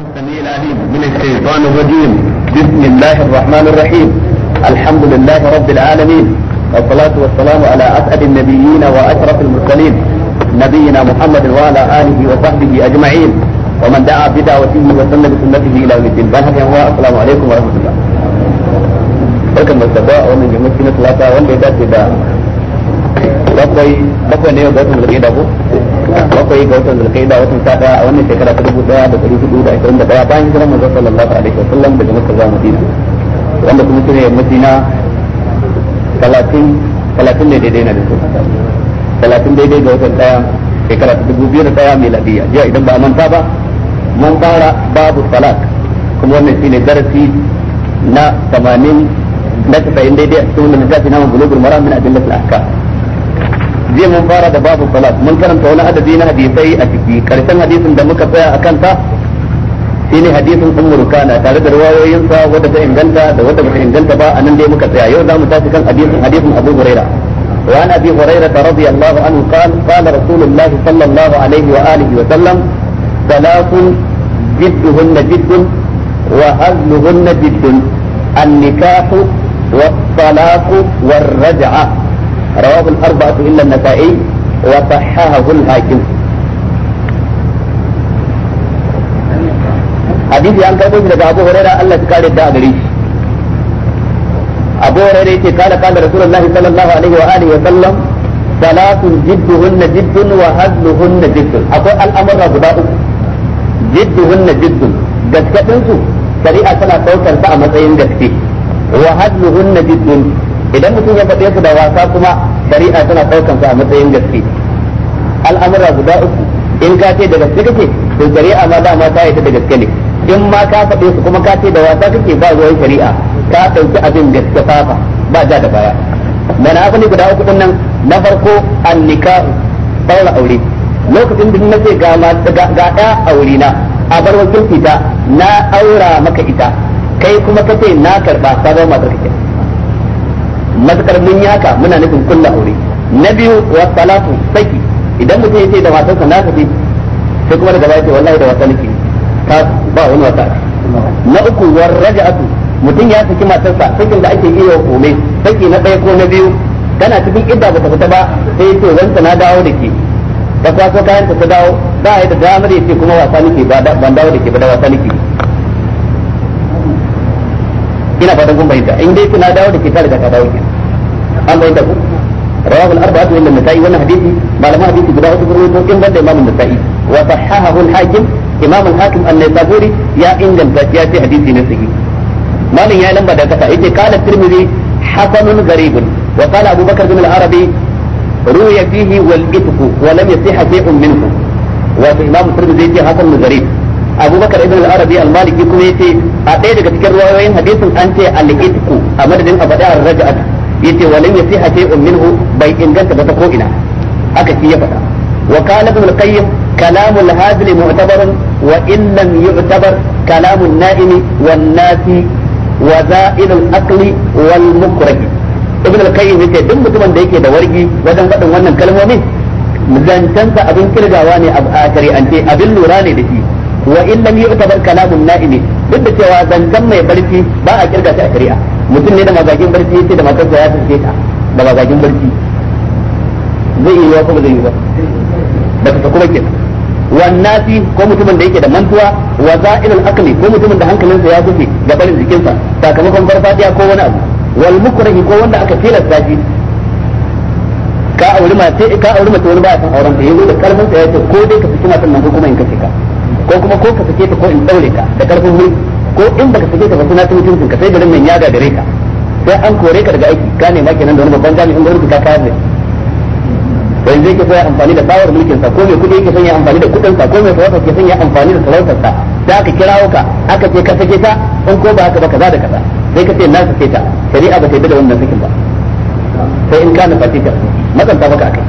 السميع العليم من الشيطان الرجيم بسم الله الرحمن الرحيم الحمد لله رب العالمين والصلاة والسلام على أسعد النبيين وأشرف المرسلين نبينا محمد وعلى آله وصحبه أجمعين ومن دعا بدعوته وسن بسنته إلى يوم الدين بارك الله السلام عليكم ورحمة الله. Barkan mu ومن wannan jami'ai na talata wanda bakwai bakwai ne ga watan zulkaida ko bakwai ga watan zulkaida watan sha daya a wannan shekara ta dubu daya da dari hudu da ashirin da daya bayan hijirar manzon sallallahu alaihi wa sallam daga makka zuwa madina wanda kuma shine madina talatin talatin ne daidai na da su talatin daidai ga watan daya shekara ta dubu biyu da daya miladiya jiya idan ba a manta ba mun fara babu salat kuma wannan shine darasi na 80 na 90 daidai a cikin wannan littafi na bulugul maram min ahkam zai mun fara da babu salat mun karanta wani adadi na hadisai a ciki karshen hadisin da muka tsaya a kanta shine hadisin ummu rukana tare da riwayoyinsa wadda ta inganta da wadda bata inganta ba anan dai muka tsaya yau zamu tashi kan hadisin hadisin abu hurairah وعن ابي هريره رضي الله عنه قال قال رسول الله صلى الله عليه واله وسلم ثلاث جدهن جد واهلهن جد النكاح والطلاق والرجعه رواه الأربعة إلا النسائي وصححه الحاكم hadisi an karɓo shi daga Allah ya kare da gare shi Abu Hurairah yace kana kana Rasulullahi sallallahu alaihi wa alihi wa sallam salatun jidduhunna jiddun wa hadluhunna jiddun akwai al'amura guda uku jidduhunna jiddun gaskadin su shari'a tana daukar a matsayin gaske wa idan mutum ya faɗe su da wasa kuma shari'a tana ɗaukan su a matsayin gaske al'amura guda uku in ka ce da gaske kake to shari'a ma dama ta yi ta da gaske ne in ma ka faɗe su kuma ka ce da wasa kake ba zuwan shari'a ka ɗauki abin gaske fafa ba ja da baya mana abu ne guda uku nan na farko annikahu ɗaura aure lokacin da ce ga ga ɗa aure na a bar wakilci ta na aura maka ita kai kuma ka ce na karba sabon matar kake matukar mun yaka muna nufin kulla aure na biyu wa salatu saki idan mutum ya ce da wasan sa naka ce sai kuma daga baya ce wallahi da wasan nake ta ba wani wasa na uku wa raja'atu mutum ya saki sa sakin da ake iya kome saki na ɗaya ko na biyu kana cikin idda ba ta fita ba sai ya ce wanta na dawo da ke ka kwaso kayan ta dawo ba ya da damar ya ce kuma wasa nake ba ban dawo da ke ba da wasa nake ina fatan kun bayyana in dai kuna dawo da ke ta daga ta dawo kenan an bai da ku rawahu al-arba'atu illa an-nasa'i wannan hadisi malama hadisi guda uku ruwaito in banda imam an-nasa'i wa sahahahu al-hakim imam al-hakim an-naisaburi ya inganta ya ce hadisi ne sahihi malin ya lamba da kasa yace qala tirmidhi hasanun gharibun wa qala abu bakr bin al-arabi ruya fihi wal itqu wa lam yasihha shay'un minhu wa imam tirmidhi yace hasanun gharib abu bakar maliki kuma yace a ɗaya daga cikin ruwayoyin hadisin an ce al-itqu a madadin abada ar-raj'at yace walan yasiha shay'un minhu bai inganta ba ta ko ina haka shi ya faɗa wa qala ibn qayyim كلام الهازل معتبر وإن لم يعتبر كلام النائم والناسي وزائل الأقل والمكره ابن القيم yace duk mutumin da yake da wargi wajen faɗin wannan kalmomin zancensa abin kirgawa ne a shari'ance abin lura ne da shi wa in lam yu'tabar kalamun na'imi duk da cewa zancen mai barci ba a kirga shi a shari'a mutum ne da magagin barci yake da matarsa ya tafi ta da magagin barci zai yi wa kuma zai yi ba ba ta kuma kenan wannasi ko mutumin da yake da mantuwa wa za'ilul aqli ko mutumin da hankalinsa ya tafi ga barin jikinsa sakamakon farfadiya ko wani abu wal mukrahi ko wanda aka tilasta shi ka auri mace ka auri mace wani baya san auren ta yanzu da karfin sa yace ko dai ka saki matan nan ko kuma in kace ka ko kuma ko ka sake ta ko in daure ka da karfin mulki ko in baka sake ka ba suna ta mutuncin ka sai garin mai yaga da ka sai an kore ka daga aiki ka nema kenan da wani babban jami'in gwamnati ka kare to sai zai so sai amfani da bawar mulkin sa ko mai kudi yake sanya amfani da kudin sa ko mai sarauta ke sanya amfani da sarautar sa da aka kirawo ka aka ce ka sake ta in ko ba haka ba kaza da kaza sai ka ce na sake ta shari'a ba ta yi da wannan sakin ba sai in kana fatika makanta baka akai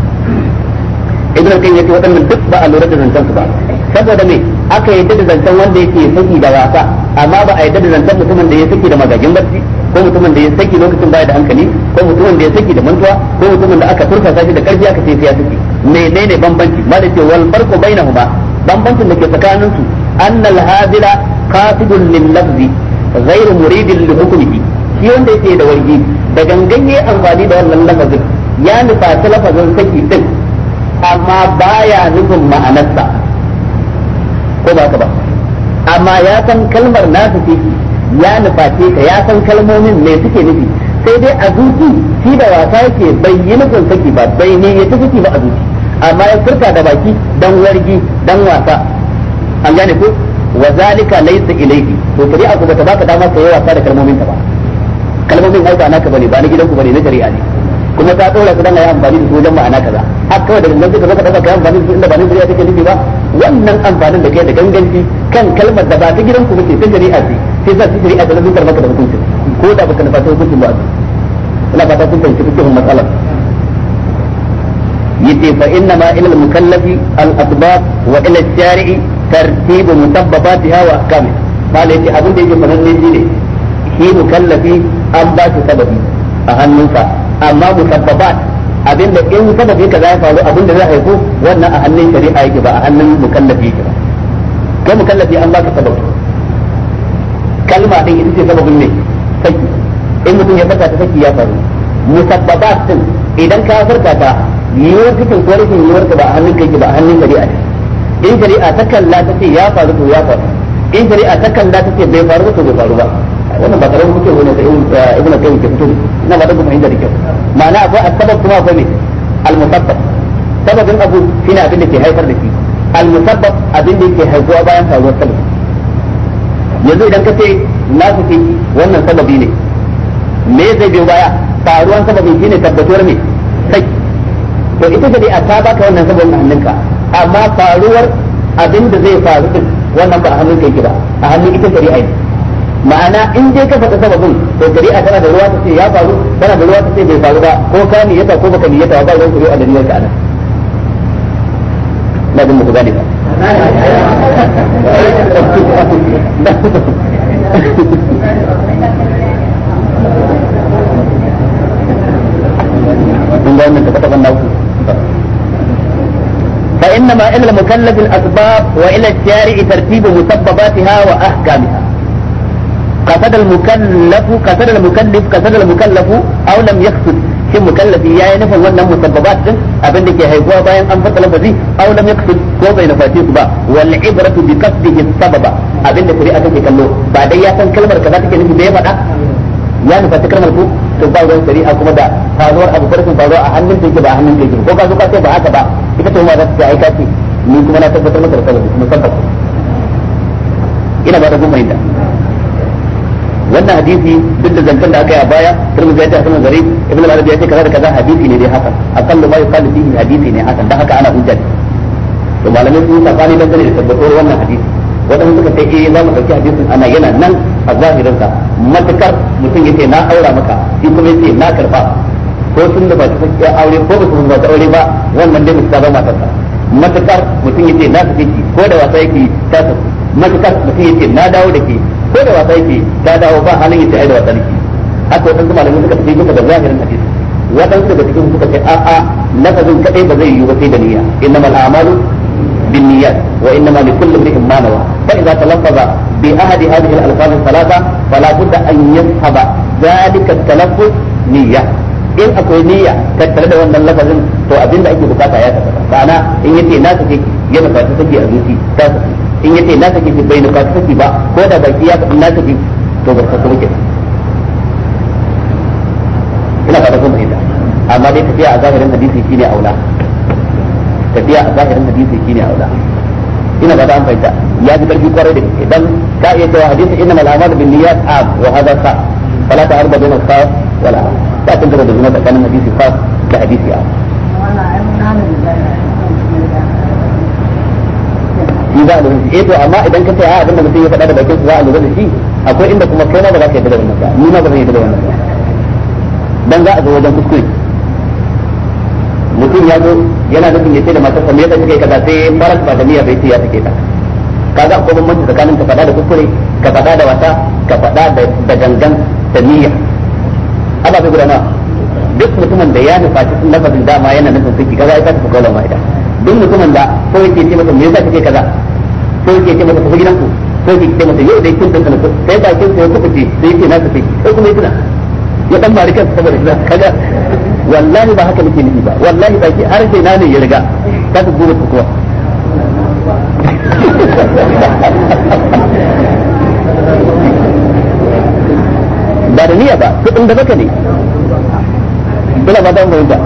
idan kan yace waɗannan duk ba a lura da zancen su ba saboda me aka yadda da zancen wanda yake saki da wasa amma ba a yadda da zancen mutumin da ya saki da magagin barci ko mutumin da ya saki lokacin baya da hankali ko mutumin da ya saki da mantuwa ko mutumin da aka turka shi da karfi aka ce ya saki menene bambanci malai ce wal farqu bainahuma bambancin da ke tsakanin su annal hadila qasidun lil lafzi ghayr muridin li hukmihi shi wanda yake da wargi da ganganye amfani da wannan lafazin ya nufa lafazin saki din amma baya nufin ma'anarsa ko ba ka ba amma ya san kalmar na su fi ya nuface ka ya san kalmomin me suke nufi sai dai a zuci shi da wasa yake bai yi nufin saki ba bai ne ya saki ba a zuci amma ya furta da baki dan wargi dan wasa an gane ko wa zalika laysa ilayhi to shari'a ko ta baka dama ka yi wasa da kalmomin ta ba kalmomin ai ba naka bane ba na gidanku bane na shari'a ne kuma ka dora su dan ayi amfani da su wajen ma'ana kaza har kawai da nan zaka dauka kai amfani da su inda ba na shari'a take nufi ba wannan amfanin da kai da ganganci kan kalmar da ba ta gidan ku bace ta a ce sai za ta shari'a da zubar maka da hukunci ko da baka nufa ta hukuncin ba ina fata kun fahimci cikin matsalar yace fa inna ma ila al-mukallafi al-asbab wa ila al-shari'i tartib mutabbabatiha wa ahkam bale yace abin da yake fananne shine shi mukallafi an ba shi sababi a hannunsa amma mutabbabat abinda in kada ka zai faru abinda zai haifu wannan a hannun shari'a yake ba a hannun mukallafi yake ba kai mukallafi an baka sababu kalma din ita ce sababin ne saki in mutum ya fata ta saki ya faru musabbabat din idan ka furta ta yiwuwar cikin ko rashin yiwuwar ba a hannun kai ba a hannun shari'a ne in shari'a ta kalla ta ce ya faru to ya faru in shari'a ta kalla ta ce bai faru to bai faru ba wannan ba karamin kuke wani da eh, ibn qayyim ke fito ina ba da kuma inda dake ma'ana akwai asbab kuma akwai ne al-musabbab sababin abu shine abin da ke haifar da shi al-musabbab abin da yake haifuwa bayan faruwar sabab yanzu idan ka ce na ku fi wannan sababi ne me zai biyo baya faruwan sababi shine tabbatuwar ne sai to ita ce dai a ta baka wannan sababin hannunka amma faruwar abin da zai faru din wannan ba a hannunka yake ba a hannun ita shari'a ne ma'ana in dai ka faɗa sababin to gari a tana da ruwa ta ce ya faru tana da ruwa ta ce bai faru ba ko ka ni yata ko baka ni yata ba ruwan shari'a da niyyar ka anan na jin muku gane ba kun ga wannan tabbata ban ku فإنما إلى المكلف الأسباب وإلى الشارع ترتيب مسبباتها وأحكامها قصد المكلف قصد المكلف قصد المكلف أو لم يقصد shi mukallafi ya yi nufin wannan musabbabat din abinda da ke haifuwa bayan an fata lafazi aw lam yaqsid ko bai na nufaci su ba wal ibratu bi qasdihi sababa abinda da shari'a take kallo ba dai ya san kalmar kaza take nufi bai faɗa ya nufaci kalmar ku to ba ruwan shari'a kuma da faruwar abu farkon faruwa a hannun take ba a hannun take ko ka zo ka ce ba haka ba ita ce ma za ta aika ce ni kuma na tabbatar maka da kalmar musabbat ina ba da gumma inda wannan hadisi duk da zancen da aka yi a baya turmi zai ta sanar gare ibn al-arabi ya ce kaza da kaza hadisi ne dai haka aqallu ma yuqalu fihi hadisi ne haka dan haka ana hujja to malamai sun tsakani dan gane da tabbatar wannan hadisi wadanda suka ce eh za mu dauki hadisin ana yana nan a zahirin sa matakar mutum yace na aura maka shi kuma yace na karba ko sun da ba ta sakiya aure ko ba su ba ta aure ba wannan dai mutum ba sa matakar mutum yace na tafi ki ko da wasa yake ta tafi matakar mutum yace na dawo da ke ko da wasa yake ta dawo ba halin yace ai da wasa yake haka wasan su malamin suka tafi duka da zahirin hadisi su daga cikin suka ce a a lafazin kadai ba zai yi ba sai da niyya innamal a'malu بالنيات وانما لكل امرئ ما نوى فاذا تلفظ باحد هذه الالفاظ الثلاثه fala budda an يصحب ذلك التلفظ niyya in akwai niyya tattare da wannan lafazin to abinda ake bukata ya tabbata ma'ana in yace na take yana fata take a zuci ta tafi in ce na saki bai nufa ka ba ko da baki ya faɗi na saki to ba ta ka saki ina ba fata kun fahimta amma dai tafiya a zahirin hadisi shi ne aula tafiya a zahirin hadisi shi ne aula ina ba ta an fahimta ya ji karfi kwarai da ke dan ka iya cewa hadisi ina malamar a'malu bin niyyat am wa hadha sa fala ta harba al sa wala ta ba da zuma tsakanin hadisi khas da hadisi a shi za a lura shi eh to amma idan ka ce a abin da mutum ya faɗa da bakin za a lura da shi akwai inda kuma kai ma ba za ka yarda da wannan ba ni ma ba zan yarda da wannan ba dan za a zo wajen kuskure mutum ya zo yana da ya ce da matarsa me yasa kika yi kaza sai maras ba da niyya bai ce ya take ta kaga akwai bambanci tsakanin ka faɗa da kuskure ka faɗa da wata ka faɗa da gangan da niyya Allah bai gudana duk mutumin da ya nufa cikin lafazin dama yana nufin saki kaza ya ka tafi ma ita. duk mutumin da ko yake ce masa me yasa kake kaza ko yake ce masa tafi gidanku ko yake ce masa yau dai kun dan sanin sai ba kin sai kuka ce sai yake na tafi ko kuma yana ya dan bari saboda kaza kaga wallahi ba haka nake nufi ba wallahi ba ki harshe na ne ya riga ka ta gura ku kuwa ba da niyya ba kudin da baka ne bila ba dan mai ba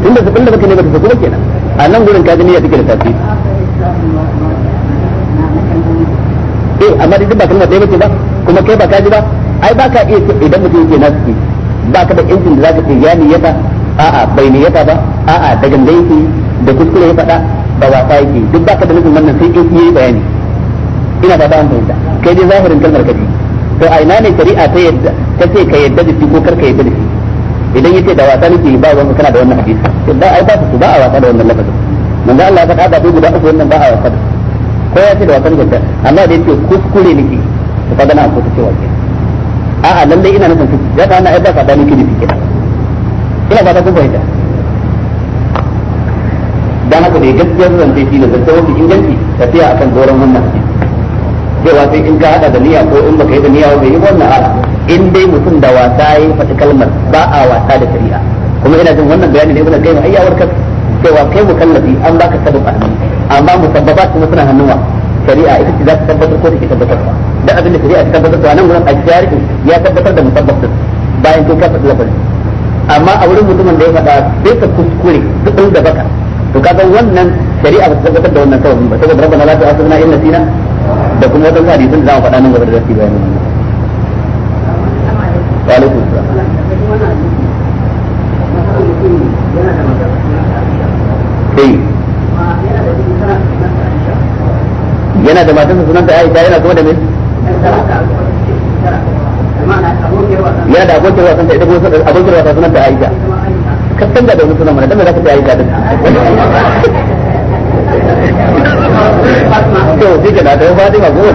tunda kudin da baka ne ba ta kenan a nan gurin ka gani ya take da tafi eh amma duk ba kalmar da bace ba kuma kai ba ka ji ba ai ba ka iya idan mutum yake nasu ba ka da injin da zaka ce ya niyyata a'a bai niyyata ba a'a da ganda yake da kuskure ya faɗa wa wasa yake duk ba ka da nufin wannan sai in yi bayani ina ba ba an kai dai zahirin kalmar kaji to a ina ne shari'a ta yadda ta ce ka yadda da shi ko kar ka yadda da shi idan yace da wasa nake ba wani kana da wannan hadisi ba ai ba su ba a wasa da wannan lafazin manzo Allah ya faɗa da guda uku wannan ba a wasa da ko ya ce da wasan gaskiya amma da yace kuskure nake to kaga na ko ta cewa a a lalle ina nufin kuskure ya ta na ai ba ka da nake da kenan ina ba ta kun fahimta dan haka dai gaskiyar zance shi ne zance mafi inganci tafiya akan goron wannan cewa sai in ka hada da niyya ko in baka yi da niyya ba bai yi wannan a'a in dai mutum da wasa ya faɗi kalmar ba a wasa da shari'a kuma ina jin wannan bayani da ibn al-qayyim ai kan cewa kai mukallafi an ba ka sabon hannu amma musabbabat kuma suna hannuwa shari'a ita ce za ta tabbatar ko take tabbatar ba da abin da shari'a ta tabbatar to nan gurin a shari'a ya tabbatar da musabbab din bayan kai ka faɗi lafazin amma a wurin mutumin da ya faɗa sai ka kuskure duk da baka to kaga wannan shari'a ba ta tabbatar da wannan kawai ba saboda rabbana la na in sina da kuma wadansu hadisin da za mu faɗa nan gaba da zaki bayanin alaikum kai yana da matarsa ta Aisha yana kuma da me yana da abokin wasan ta ita kuma abokin wasan ta Aisha kasan da wani sunan mana dan me zaka ta Aisha din to sai ka da ta ba ko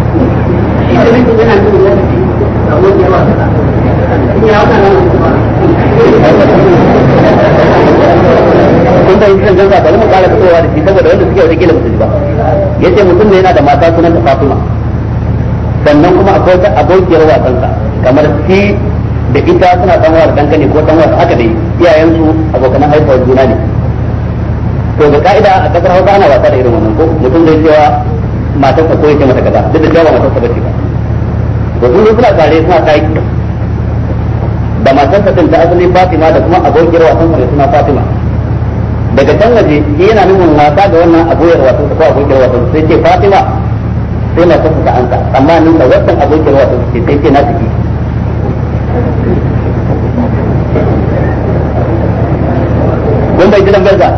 kun bai kan zanza bari mu kara fitowa da shi saboda wanda suke wani kila musulmi ba ce mutum ne yana da mata sunan ta Fatima sannan kuma akwai wata abokiyar wasansa kamar shi da ita suna dan wa danka ne ko dan wa haka dai iyayensu abokan haifa juna ne to da ka'ida a kasar Hausa ana wasa da irin wannan ko mutum zai cewa matan ka koyi ce mata kaza duk da cewa matan ka bace ba to sun zo suna tare suna taki da matan ka din ta asali Fatima da kuma abokiyar wasan ka suna Fatima daga can waje yana nuna wasa da wannan abokiyar wasan ko abokiyar wasan sai ce Fatima sai na tafi ta ansa amma ni da wannan abokiyar wasan ce sai ce na tafi kun bai ji tambayar ka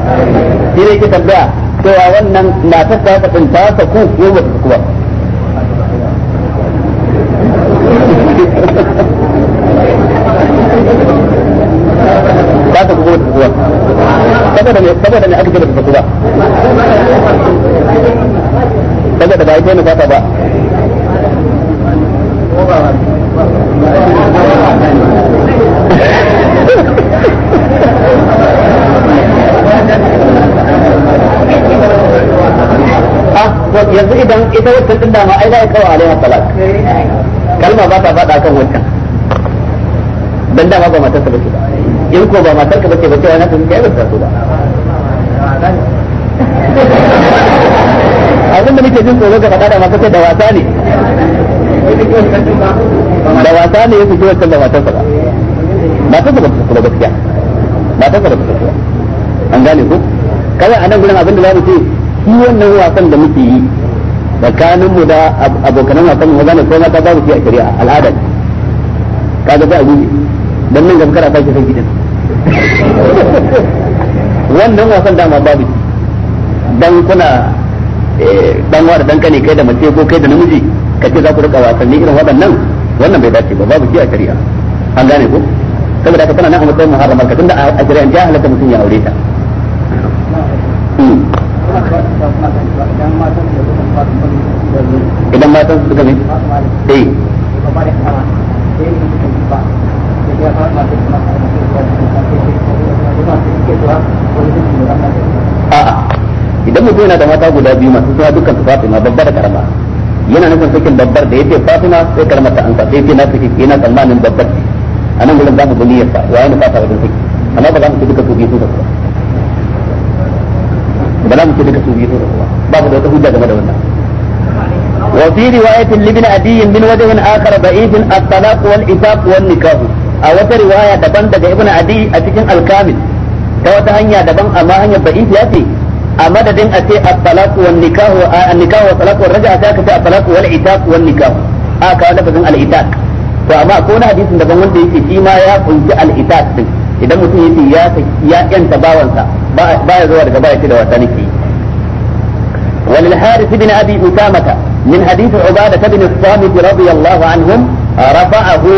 shi ne ke tambaya cewa wannan na ta ta ɗin ta ko ba ta saku ba ta ko ba ta saboda saboda aka ce ba ba saboda ba ne fata ba yanzu idan ita wata tunda ma ai za ya kawo alaiha talak kalma ba ta faɗa kan wancan dan dama ba matarsa bace ba in ko ba matarka bace ba cewa na san kai ba ta so ba abin da nake jin tsoro ga faɗa da masu kai da wasa ne da wasa ne ya fito wancan da matarsa ba matarsa ba ta so ba gaskiya matarsa ba ta kula an gane ku kawai a nan gurin abin da za mu ce shi wannan wasan da muke yi tsakanin mu da abokanan wasan mu zan ko mata babu shi a shari'a al'ada kaga ba a dan nan gaskara ta ke san gidan wannan wasan ma babu dan kuna eh, dan wa da dan kane kai da mace ko kai da namiji kace za ku rika wasanni irin waɗannan wannan bai dace ba babu shi a shari'a an gane ko saboda ka tana nan a matsayin muharramar ka tunda a shari'a ya halatta mutum ya aure ta hmm. idan matan su suka bi eh idan mutum yana da mata guda biyu masu suna dukkan su fatima babba da karama yana nufin sakin babbar da yace fatima sai karama ta ansa sai yace na saki yana tsammanin babbar a nan gudun za mu bi sa wa yana fata wajen saki amma ba za mu ci duka su biyu su da su ba ba za mu ce duka su biyu da kuma babu da wata hujja game da wannan وفي رواية لابن عدي من وجه آخر ضعيف الطلاق والإفاق والنكاح أو رواية دبن دقى ابن عدي أتكن الكامل توت هنيا دبن أما هنيا ضعيف يأتي أما دين أتي الطلاق والنكاح النكاح والطلاق والرجع أتاك الطلاق والإتاك والنكاح هكا فأما أكون حديث دبن في فيما idan mutum ya ya bawansa baya zuwa daga baya ce da wasa nake wal harith ibn abi usamata min hadith ubada ibn as-samit radiyallahu anhum rafa'ahu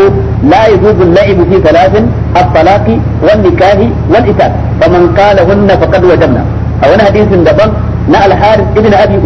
la yajuzu al-la'ib fi thalath at-talaq wan nikah wal itab faman qalahunna faqad wajadna a wani hadisin daban na al-harith ibn abi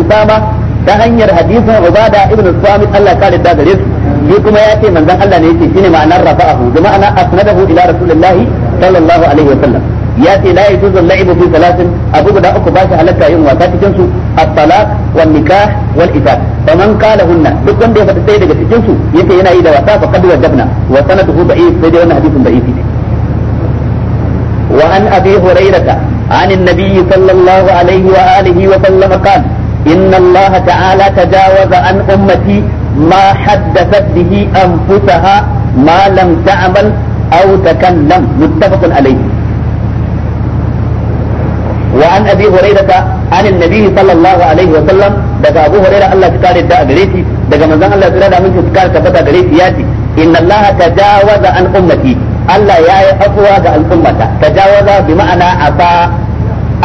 ta hanyar hadisin obada ibn as-samit Allah kare da gare su shi kuma ya ce manzon Allah ne yake shine ma'anar rafa'ahu bi ma'ana asnadahu ila rasulillahi sallallahu alaihi wasallam ya ce la yajuzu al-la'bu fi salatin abu guda uku ba shi halatta yin wasa cikin su at-talaq wan nikah wal ikat man qala hunna duk wanda ya fata sai daga cikin su yace yana yi da wasa fa qad wajabna wa sanaduhu da'if sai dai wannan hadisin da'if ne wa an abi hurairata عن النبي صلى الله عليه وآله وسلم قال إن الله تعالى تجاوز عن أمتي ما حدثت به أنفسها ما لم تعمل أو تكلم متفق عليه وعن ابي هريره عن النبي صلى الله عليه وسلم دغ ابو هريره الله تكاري دا غريتي دغ منزل الله تكاري دا منكم تكاري تبدا غريتي ياتي ان الله تجاوز عن امتي الله يا اقوى ga al'ummata tajawaza bi ma'ana asa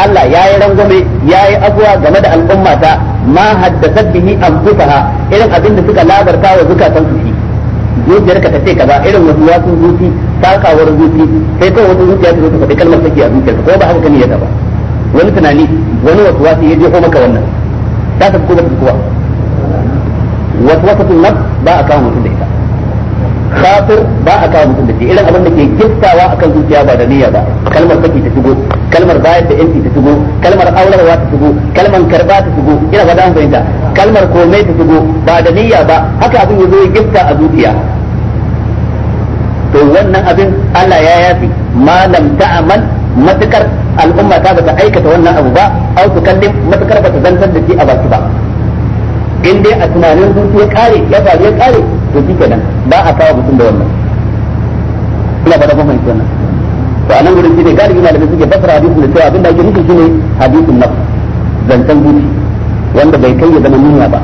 Allah ya yi rangwame ya yi game da al'ummata ma haddasat bihi anfusaha irin abin da suka labarta wa zukatan su shi zuciyar ka tace kaza irin wasu wasu zuci takawar zuci sai kawai wata zuciya ta zo ta faɗi kalmar take a zuciyarka ko ba haka kan yadda ba wani tunani wani wasu wasu ya jefo maka wannan ta tafi ko ba tafi kowa wasu wasu tun nan ba a kawo mutum da ita kafir ba a kawo mutum da ita irin abin da ke gittawa akan zuciya ba da niyya ba kalmar saki ta shigo kalmar bayar da yanci ta shigo kalmar aurarwa ta shigo kalmar karba ta shigo ina ba dan fahimta kalmar komai ta shigo ba da niyya ba haka abin ya zo ya gitta a zuciya to wannan abin Allah ya yafi Malam lam ta'mal matakar al'umma ta bata aikata wannan abu ba au su kallin matakar ta zantar da shi a baki ba in dai a tunanin zuci ya kare ya faru ya kare to shi kenan ba a kawo mutum da wannan ina ba da kuma ita wannan to a nan gurin shi ne galibi malamai suke fasara hadisin da cewa abinda ake nufi shi ne hadisin nafs zancen zuci wanda bai kai ya zama niyya ba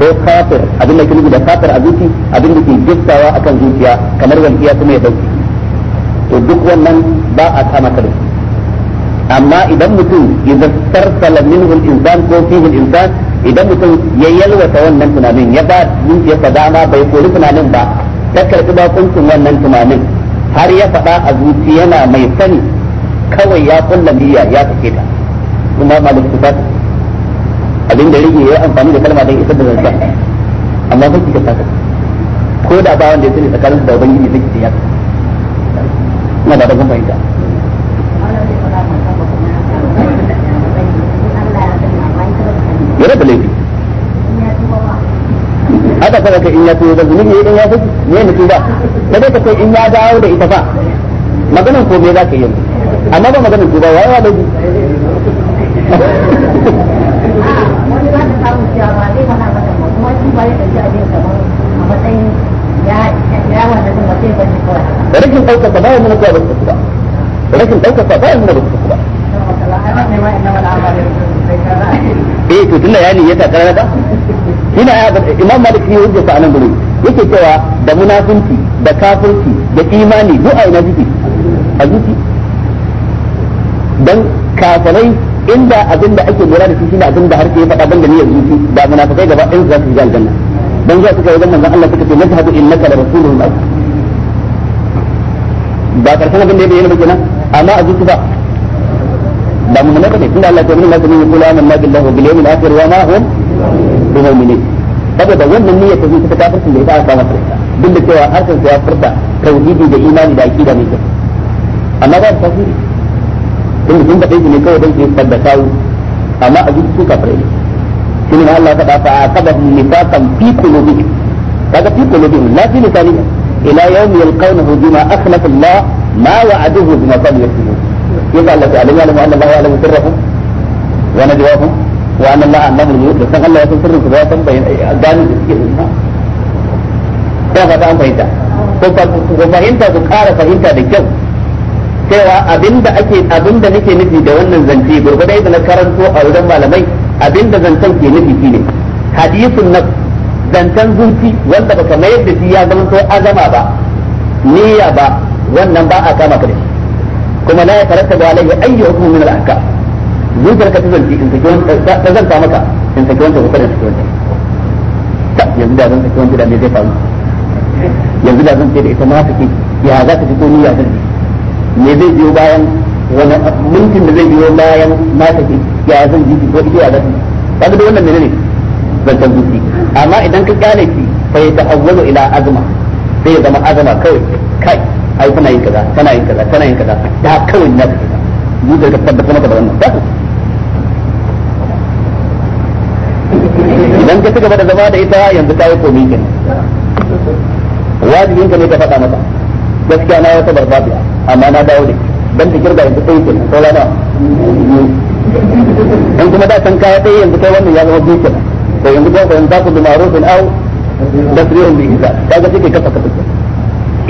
ko kafir abinda ke nufi da kafir a zuci abinda ke gistawa akan zuciya kamar iya kuma ya dauki to duk wannan ba a kama ka da amma idan mutum idan tarsala minhu al-insan ko fihi al-insan idan mutum ya yalwata wannan tunanin ya ba ya faɗa dama bai kori tunanin ba ta karbi bakuncin wannan tunanin har ya faɗa a zuci yana mai sani kawai ya kulla niyya ya fice ta kuma malik ta abin da rige ya amfani da kalma don isar da zansa amma sun kika ta ko da ba wanda ya sani tsakanin da ubangiji zai ya ta na ba da kun fahimta da laifi ka in ya tuwo da zunubi idan ya fi ne ya nufi ba dai ka kai in ya dawo da ita ba maganin ko me za ka yi amma ba maganin ya yawa ba ta samu ba rashin ɗaukaka ba ya nuna cewa ba su tafi ba rashin ɗaukaka ba ya nuna ba su tafi ba eh to tunda ya niyyata karara ba ina ya imam malik ne hujja sa anan gurin yake cewa da munafinci da kafirci da imani du'a ina jiki a jiki dan kafirai inda abin da ake lura da shi shine abin da har ke faɗa banda niyyar zuci da munafikai gaba ɗayan za su yi aljanna dan za su kai wajen manzon Allah suka ce nashhadu innaka la rasulullah ba karshen abin da ya bayyana ba kenan amma a zuci ba mu ne tunda Allah ta nuna sun yi kula amanna billahi wa bil yawmil akhir wa ma hum bi mu'minin saboda wannan niyyar ta zuci ta kafircin da ita aka masa duk da cewa harkar ya furta tauhidi da imani da aqida ne amma ba tafsiri tun sun faɗe shi ne kawai don su yi tabbata amma a zuci su kafirai ne shi Allah ta dafa a kabar nifakan fi kulubihim kaga fi kulubihim la fi lisanihim ila yawmi yalqawnahu bima akhlafa Allah ما وعدوه بما قد يكسبون كيف الله تعالى يعلم ان الله يعلم سرهم ونجواهم وان الله علام الغيوب لكن الله يكون سرهم كذا تنبين gano da suke zuwa ba fata an fahimta ko fahimta ku kara fahimta da kyau cewa abinda ake abinda nake nufi da wannan zance gurgurdai da na karanto a wurin malamai abinda zancen ke nufi shine hadisun zancen zuci wanda baka mayar da shi ya zama to azama ba niyya ba wannan ba a kama ka da shi kuma la yatarattabu alayhi ayyu hukm min al-ahkam zuciyarka ta zanci in saki wanda ta zanta maka in saki wanda kuma da saki wanda ta yanzu da zan saki wanda da me zai faru yanzu da zan ce da ita ma saki ya za ta fito niyya zan me zai biyo bayan wani mintin da zai biyo bayan ma saki ya zan ji ko ita ya zan kaga da wannan menene zancen zuci amma idan ka kyale shi fa ya ta'awwalu ila azma sai ya zama azama kawai kai ai kana yin kaza kana yin kaza kana yin kaza da kawai na kaza mu da tabbata maka da wannan idan ka ci gaba da zama da ita yanzu ta yi komi kenan wajibin ka ne ka faɗa masa gaskiya na wata barbabiya amma na dawo da dan ta kirga yanzu ta yi kenan saura na in kuma da san kaya ɗaya yanzu kai wannan ya zama biyu kenan to yanzu kuma fahimta ku bi ma'rufin au tasrihun bi ihsan kaga sai kafa kafa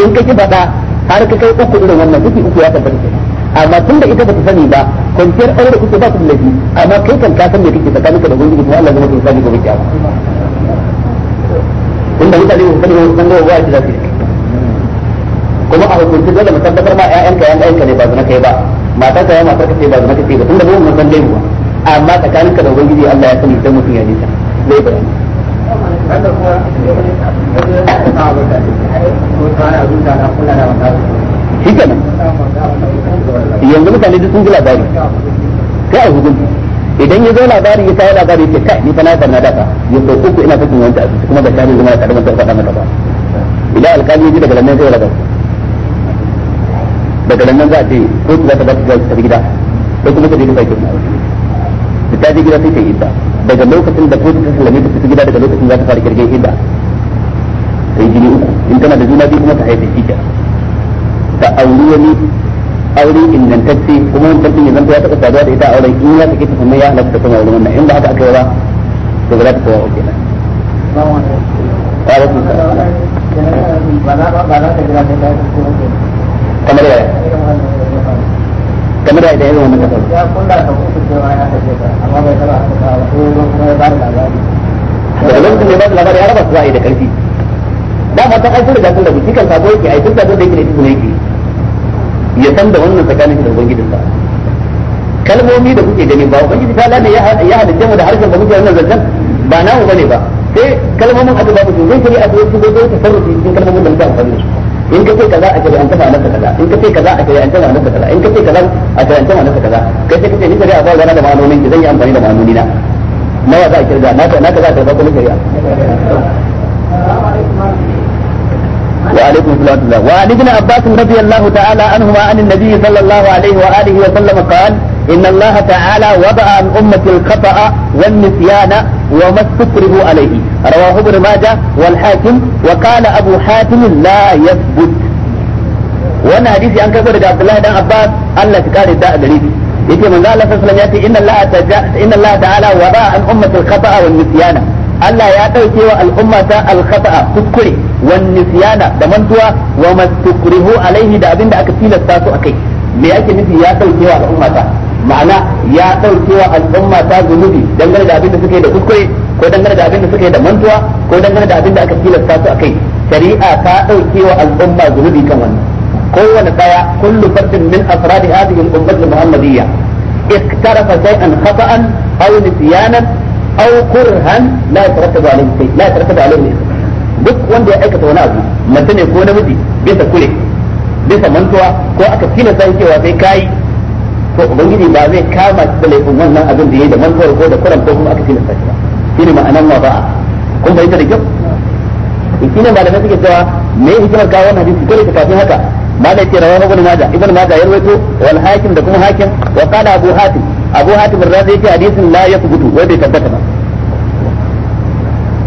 in ka ki faɗa har ka kai uku irin wannan duk uku ya tabbata kenan amma tun da ita ta sani ba kwanciyar aure kuke ba ku da laifi amma kai kan ka san me kake tsakaninka da ubangiji kuma Allah zai maka sani gobe kiyama tunda mutane ba sani ba san ga wa shi zafi kuma a hukunci dole mu tabbatar ma ƴaƴanka ƴaƴanka ne ba zuna kai ba mata ka ya matar ka ce ba zuna kai ba tunda ba mun san dai ba amma tsakaninka da ubangiji Allah ya sani sai mutum ya nisa zai wanda kuma shi kenan yanzu mutane duk sun ji labari sai a hukunci idan ya zo labari ya kawo labari ce kai ni fa na barna dafa ya ko uku ina sakin wanda asibiti kuma ga shani zama tare da faɗa mata ba idan alkali ya ji daga lannan sai ya daga lannan za a ce ko ku za ta ba ta gida ko kuma ta je ta ta je gida sai ta yi ta daga lokacin da kotu ta sallame ta fita gida daga lokacin za ta fara kirge idda sai jini uku in tana da juna biyu kuma ta haife shi ta auri wani aure ingantacce kuma wani tantin ya zanta ya taɓa saduwa da ita a auren in ya take ta sannan ya halatta kuma wani wannan in ba haka aka yi ba to ba za ta kowa kenan. kamar yaya game da irin wannan kasar ya kunda ta uku cewa ya tafi amma bai taba ta ko kuma ya ba da labari da lokacin da ya ba da labari ya raba su ai da karfi da ma ta aikin da kan da cikin sabo yake ai duk da da yake ne duk ne yake ya san da wannan tsakanin shi da ubangijinsa kalmomi da kuke gani ba ubangiji ta lana ya halitta mu da harshen ba muke wannan zancen ba namu ne ba sai kalmomin aka ba ku zai kiri a zuwa su zai tasarrufi cikin kalmomin da muke amfani da su in ka ce kaza a shari'an ta ma'anarsa kaza in ka ce kaza a shari'an ta ma'anarsa kaza in ka ce kaza a shari'an ta kaza kai sai ni shari'a ba gana da ma'anonin ki zan yi amfani da ma'anoni nawa za a kirga na ka ba kuma shari'a وعليكم الله رضي الله تعالى عنهما عن النبي صلى الله عليه وآله وسلم قال إن الله تعالى وضع عن الخطأ والنسيان وما استكره عليه رواه ابن ماجه والحاكم وقال أبو حاتم لا يثبت وانا حديثي أنك قلت عبد الله بن عباس الله تكاري الداء قريبي يجي من قال صلى الله عليه إن الله إن الله تعالى وضع عن أمة الخطأ والنسيان الله يا دوكي الأمة الخطأ تذكري والنسيان دمنتوا وما استكره عليه دا أبين دا أكتيل الساسو أكي me ake nufi ya dauke wa al'umma ta ma'ana ya ɗauke wa al'umma ta zunubi dangane da abin da suka da kuskure ko dangane da abin da suka da mantuwa ko dangane da abin da aka tilasta su a kai shari'a ta ɗauke wa al'umma zunubi kan wannan kowane daya kullu fardin min afradi hadhihi al-ummah al-muhammadiyya iktarafa shay'an khata'an aw nisyanan aw kurhan la yatarattabu alayhi shay la yatarattabu alayhi duk wanda ya aikata wani abu mace ne ko namiji bisa kure bisa mantuwa ko aka tilasta cewa sai kai to ubangiji ba zai kama da laifin wannan abin da yayi da mantuwar ko da kuran ko kuma aka tilasta shi ba shine ma'anan ma ba kun bai da kyau ba da take cewa me yake kuma kawo wannan hadisi dole ka kafin haka malai ce rawahu ibn majah ibn majah ya rawaito wal hakim da kuma hakim wa qala abu hatim abu hatim razi ta hadisin la yasbutu wai bai tabbata ba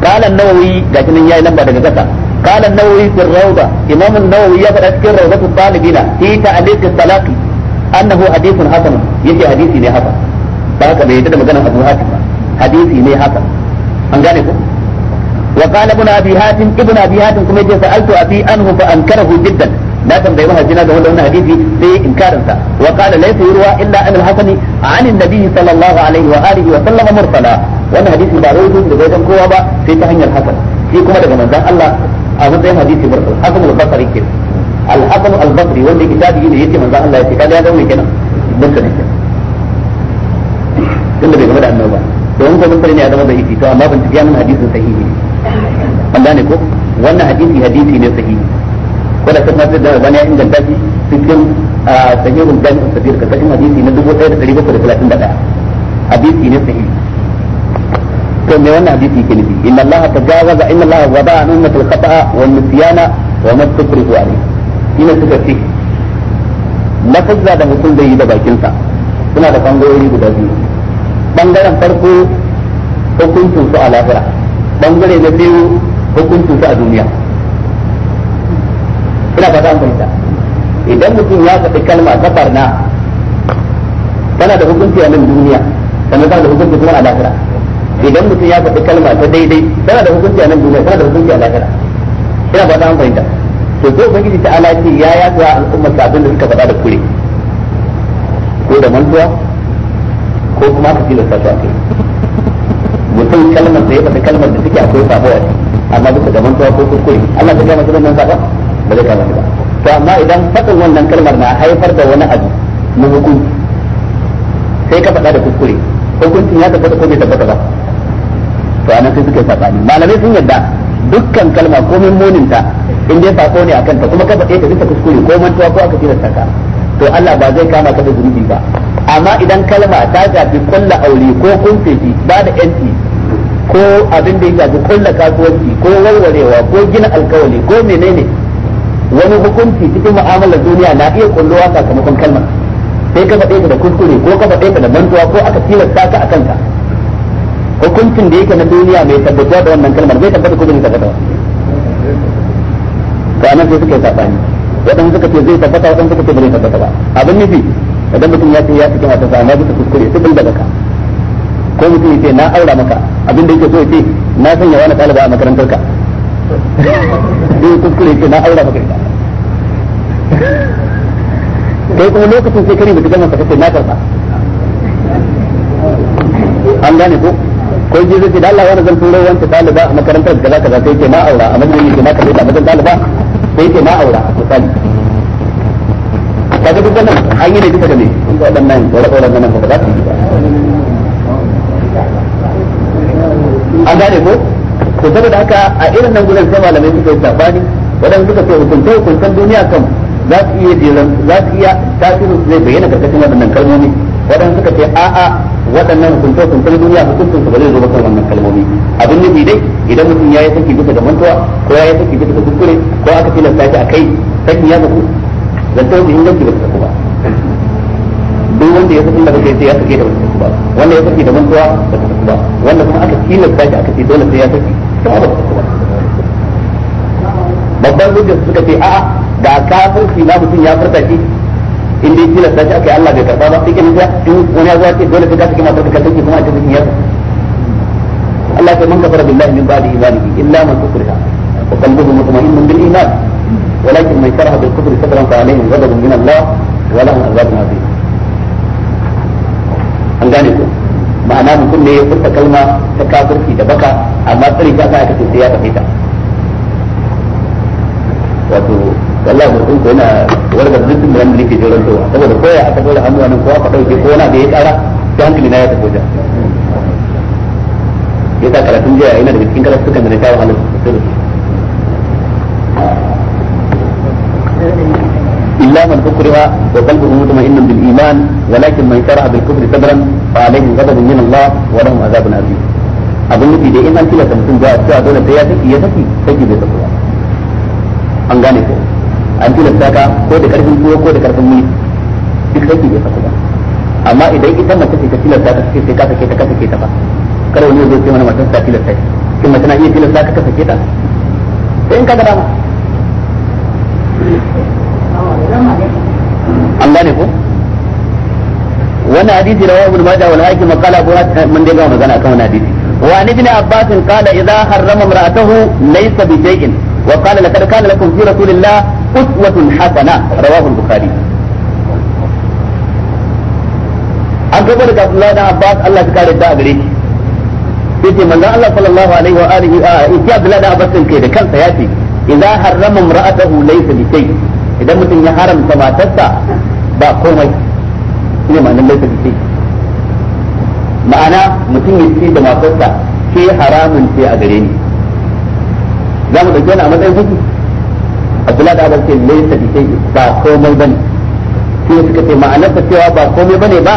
qala an-nawawi gashi nan yayi lamba daga kasa قال النووي في الروضة إمام النووي يقرأ في روضة الطالبين في تعليق الطلاق annahu hadithun hasan yace hadisi ne haka ba haka bai yadda da maganar Abu Hatim ba hadisi ne haka an gane ko wa qala ibn abi hatim ibn abi hatim kuma yace sa'altu abi anhu fa ankarahu jiddan na tambayi mahajjina game da wannan hadisi sai in inkarin sa laifin ruwa illa an al-hasan an an-nabi sallallahu alaihi wa alihi wa sallama mursala hadisi ba rawaito da gaban kowa ba sai ta hanyar hasan kuma daga manzon Allah a matsayin hadisi mursal al-hasan al-basri wanda yake tabi'i ne yace manzo Allah yace kaga ya zama kenan musulmi kenan tunda bai game da annabi ba don ko ne ya zama da yake to amma bincike ya nuna hadisin sahihi ne an gane ko wannan hadisi hadisi ne sahihi wanda ta fasir da wani ya inganta shi cikin sahihul jami'ul sabir ka cikin hadisi na 1731 hadisi ne sahihi to me wannan hadisi ke nufi inna allaha tajawaza inna ma shine suka ce lafazza da mutum zai yi da bakinsa suna da bangarori guda biyu bangaren farko hukuncin su a lahira bangare na biyu hukuncin su a duniya ina ba an fahimta idan mutum ya faɗi kalma ta barna tana da hukunci a nan duniya sannan tana da hukunci kuma a lahira idan mutum ya faɗi kalma ta daidai tana da hukunci a nan duniya tana da hukunci a lahira ina ba an fahimta to sai gidi ta ala ya ya ga al'umma sabin da suka faɗa da kure ko da mantuwa ko kuma ka tilasta sa shafi mutum kalmar da ya faɗa kalmar da suke akwai sabo a amma duka da mantuwa ko kure Allah ta gama sunan nan sabo ba zai kama ba to amma idan faɗin wannan kalmar na haifar da wani abu na hukunci sai ka faɗa da kuskure hukuncin ya tabbata ko bai tabbata ba to anan sai suke sabani malamai sun yadda dukkan kalma ko min ta in dai sako ne akan ta kuma ka faɗe ta bisa kuskure ko mantuwa ko aka tilasta ka to Allah ba zai kama ka da zunubi ba amma idan kalma ta shafi kulla aure ko kunfeti ba da yanci ko abin da ya shafi kulla kasuwanci ko warwarewa ko gina alkawali ko menene wani hukunci cikin mu'amalar duniya na iya kullowa sakamakon kalma sai ka faɗe ta da kuskure ko ka faɗe ta da mantuwa ko aka tilasta ka akan ka hukuncin da yake na duniya mai tabbatuwa da wannan kalmar zai tabbata ko bai tabbata to anan sai suka yi sabani waɗanda suka ce zai tabbata waɗanda suka ce ba zai tabbata ba abin nufi idan mutum ya ce ya cikin wata sa amma bisa kuskure su bil da baka ko mutum ya ce na aura maka abin da yake so ya ce na sanya wani talaba a makarantar ka sai kuskure ya ce na aura maka ita kai kuma lokacin sai kare mutum ka ce na karba an gane ko ko ji zai ce da Allah wani zan turo wancan daliba a makarantar kaza kaza sai ce na aura a madadin ce maka kaza a madadin daliba sai ce na aura misali kaga duk wannan an yi ne duka da me kun ga wadannan wala nan ba za su yi ba an gane ko to saboda haka a irin nan gudan sai malamai suka yi sabani wadanda suka ce hukunta hukuntar duniya kan za su iya jiran za su iya tasirin su zai bayyana karkashin waɗannan kalmomi wadanda suka ce a'a waɗannan hukunce hukunce na duniya hukuncin su ba zai zo ba kan wannan kalmomi abin nufi dai idan mutum ya yi saki bisa ga mantuwa ko ya yi saki bisa ga kuskure ko aka tilasta shi a kai saki ya zaku zanta wata inganci ba ta saku ba duk wanda ya saki da kake sai ya saki da ba ta saku ba wanda ya saki da mantuwa ba ta saku ba wanda kuma aka tilasta shi aka ce dole sai ya saki ta ba ta saku ba babban hujjar suka ce a'a da kafirci na mutum ya furta shi in dai kila shi aka Allah bai karba ba sai kin ta in wani ya zo ce dole ka ka saki matar ka take kuma a cikin yasa Allah ya manka fara billahi min ba'di ibadihi illa man kufira wa qalbuhu mutma'innun bil iman walakin man karaha bil kufri sadran fa صدرا ghadabun min Allah wa ولهم عذاب adhim an gane ko ma'ana mutum ne ya furta kalma ta kafirci da baka amma tsari ta sa aka ce sai ya faɗi ta wato wallahi mutum ko yana warga dukkan da wanda yake jiran towa saboda koya aka dora hannuwa nan ko aka dauke ko wani da ya kara ta hankali na ya tafi wajen ya sa karatun jiya yana daga cikin karatu da na kawo halin illa man ukriha wa qalbuhu mutma'innun bil iman walakin man sharaha bil kufri sadran fa alayhi ghadabun min Allah wa lahum adhabun azim abin nufi dai in an tilasta mutum ga cewa dole sai ya saki ya saki sai bai saki ba an gane ko an tilasta ka ko da karfin tuwo ko da karfin duk sai ba amma idan ita mace ce ta tilasta ka sai ka sake ta ka sake ta ba wani zai ce mana matan ta tilasta ki kin mace na iya tilasta ka ka sake ta sai in ka ga dama an gane ko wannan hadisi rawahu ibn majah wal hakim qala abu eh, dai ga magana kan wannan hadisi وعن ابن عباس قال إذا حرم امرأته ليس بشيء وقال لقد كان لكم في رسول الله uswatun hasana rawahu al an kabar da Abdullah da Abbas Allah ya kare da gare shi yace kai da kansa ya ce idza harrama imra'atahu idan mutum ya haramta matarsa ba ya ce da haramun ce a ni Abdullahi da Abarce ne ya tafi sai ba komai ba ne. Sai suka ce ma'anarsa cewa ba komai ba ne ba,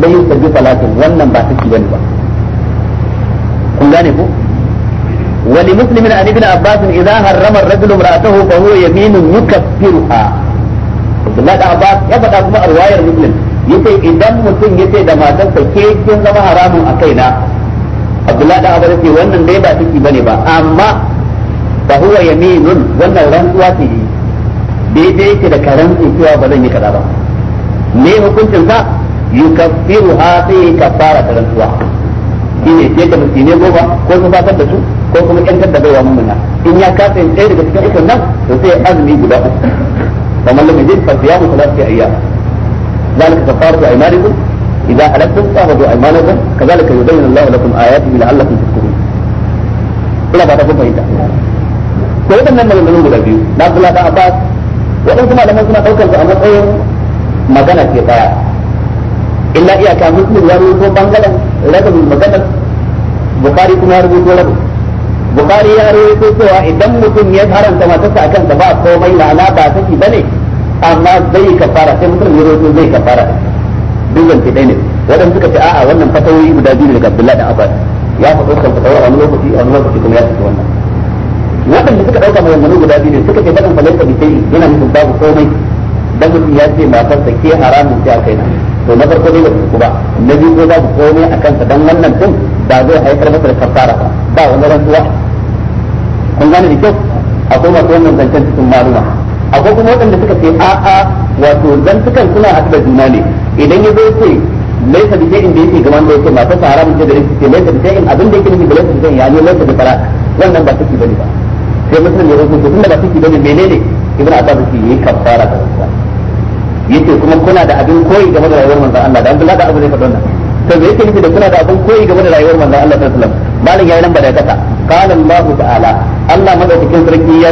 mai yin sabbi falafin wannan ba suke ba ne ba. Kun gane ko? Wani musulmin a Ibn Abbas ne idan harramar rajul umaratahu ba huwa ya minin yuka firu a. Abdullahi da Abbas ya faɗa kuma a ruwayar musulmin. Yace idan mutum yace da matarsa ke kin zama haramun a kaina. Abdullahi da ce wannan dai ba suke ba ne ba amma fa huwa yaminun wannan rantsuwa ce daidai yake da karan cewa ba zan yi kaza ba me hukuncin sa yukaffiru ha sai kafara da rantsuwa shine sai ka miskine goma ko su fatar da su ko kuma yantar da baiwa mummuna in ya kasa a ɗaya daga cikin ukun nan to sai azumi guda uku kamar lamin jin fasiya mu salatu ayyam zalika kafaratu aymanikum إذا ألقتم فاهدوا أيمانكم كذلك يبين الله لكم آياته لعلكم تذكرون إلى بعد فهمت to waɗannan maganganun guda biyu na kula da abbas waɗansu malaman suna ɗaukar su a matsayin magana ke ɗaya illa iyaka muslim ya rubuto bangaren rabin maganar bukari kuma ya rubuto rabin bukari ya rubuto cewa idan mutum ya haranta matarsa akan ta ba komai ma'ana ba saki bane amma zai kafara sai mutum ya rubuto zai kafara duk zance ɗaya ne waɗanda suka ce a'a wannan fatawoyi guda biyu daga abdullahi da abbas ya faɗo kan fatawa a wani lokaci a wani lokaci kuma ya faɗi wannan waɗanda suka ɗauka mai wani guda biyu suka ce faɗin falaita bi sai yana nufin babu komai dan mutum ya ce matar sa ke haramun sai a na to na farko dai ba su ba na biyu ko babu komai a kansa dan wannan din ba zai haifar masa da kafara ba ba wani rantsuwa kun gane da kyau akwai masu wannan zancen cikin maluma akwai kuma waɗanda suka ce a'a wato sukan suna haɗu da juna ne idan ya zo ce laisa bi shay'in da yake gaman da yake matar sa haramun ce da yake laisa da shay'in abin da yake nufi da laisa da shay'in ya ne laisa da fara wannan ba take bane ba sai musulmi ya rubuta tunda ba suke menene ibn abbas yake yi kafara da wannan yace kuma kuna da abin koyi game da rayuwar manzon Allah da an da abu zai faɗa wannan to me yake nufi da kuna da abin koyi game da rayuwar manzon Allah sallallahu alaihi wasallam malam yayin nan ba da kasa qala Allah ta'ala Allah madaukakin sarki ya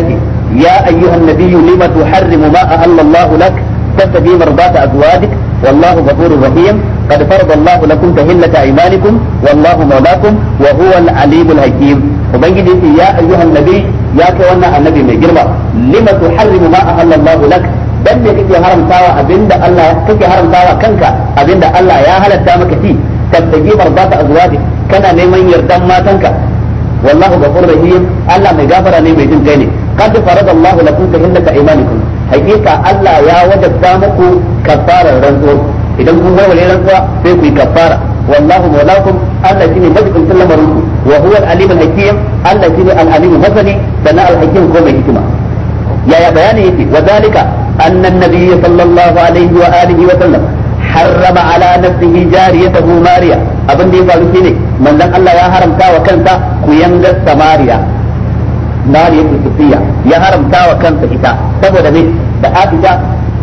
ya ayyuhan nabiyyu lima tuharrimu ma ahalla Allah lak tattabi marbata azwajik والله غفور رحيم قد فرض الله لكم تهلة أيمانكم والله مولاكم وهو العليم الحكيم وبنجد يا أيها النبي ya kai wannan annabi mai girma lima tuharrimu ma ahallallahu lak dan me kake haramtawa abinda Allah kake haramtawa kanka abinda Allah ya halatta maka ci tabbaji barbata azwaji kana neman yardan matanka wallahu ghafurur rahim Allah mai gafara ne mai jin kai ne qad faradallahu lakum tahillata imanikum hakika Allah ya wajabta muku kafarar rantsuwa idan kun wani rantsuwa sai ku yi kafara wallahu mawlakum Allah shine majibin lamarin ku wa huwa al-alim al-hakim Allah shine al-alim masani dana al-hakim ko mai hikima yaya bayani yake wazalika dalika anna an-nabiy sallallahu alaihi wa alihi wa sallam harrama ala nafsihi jariyatahu mariya abin da ya faru ne manzon Allah ya haramta wa kansa kuyangar samariya mariya kufiya ya haramta wa kansa ita saboda me da Aisha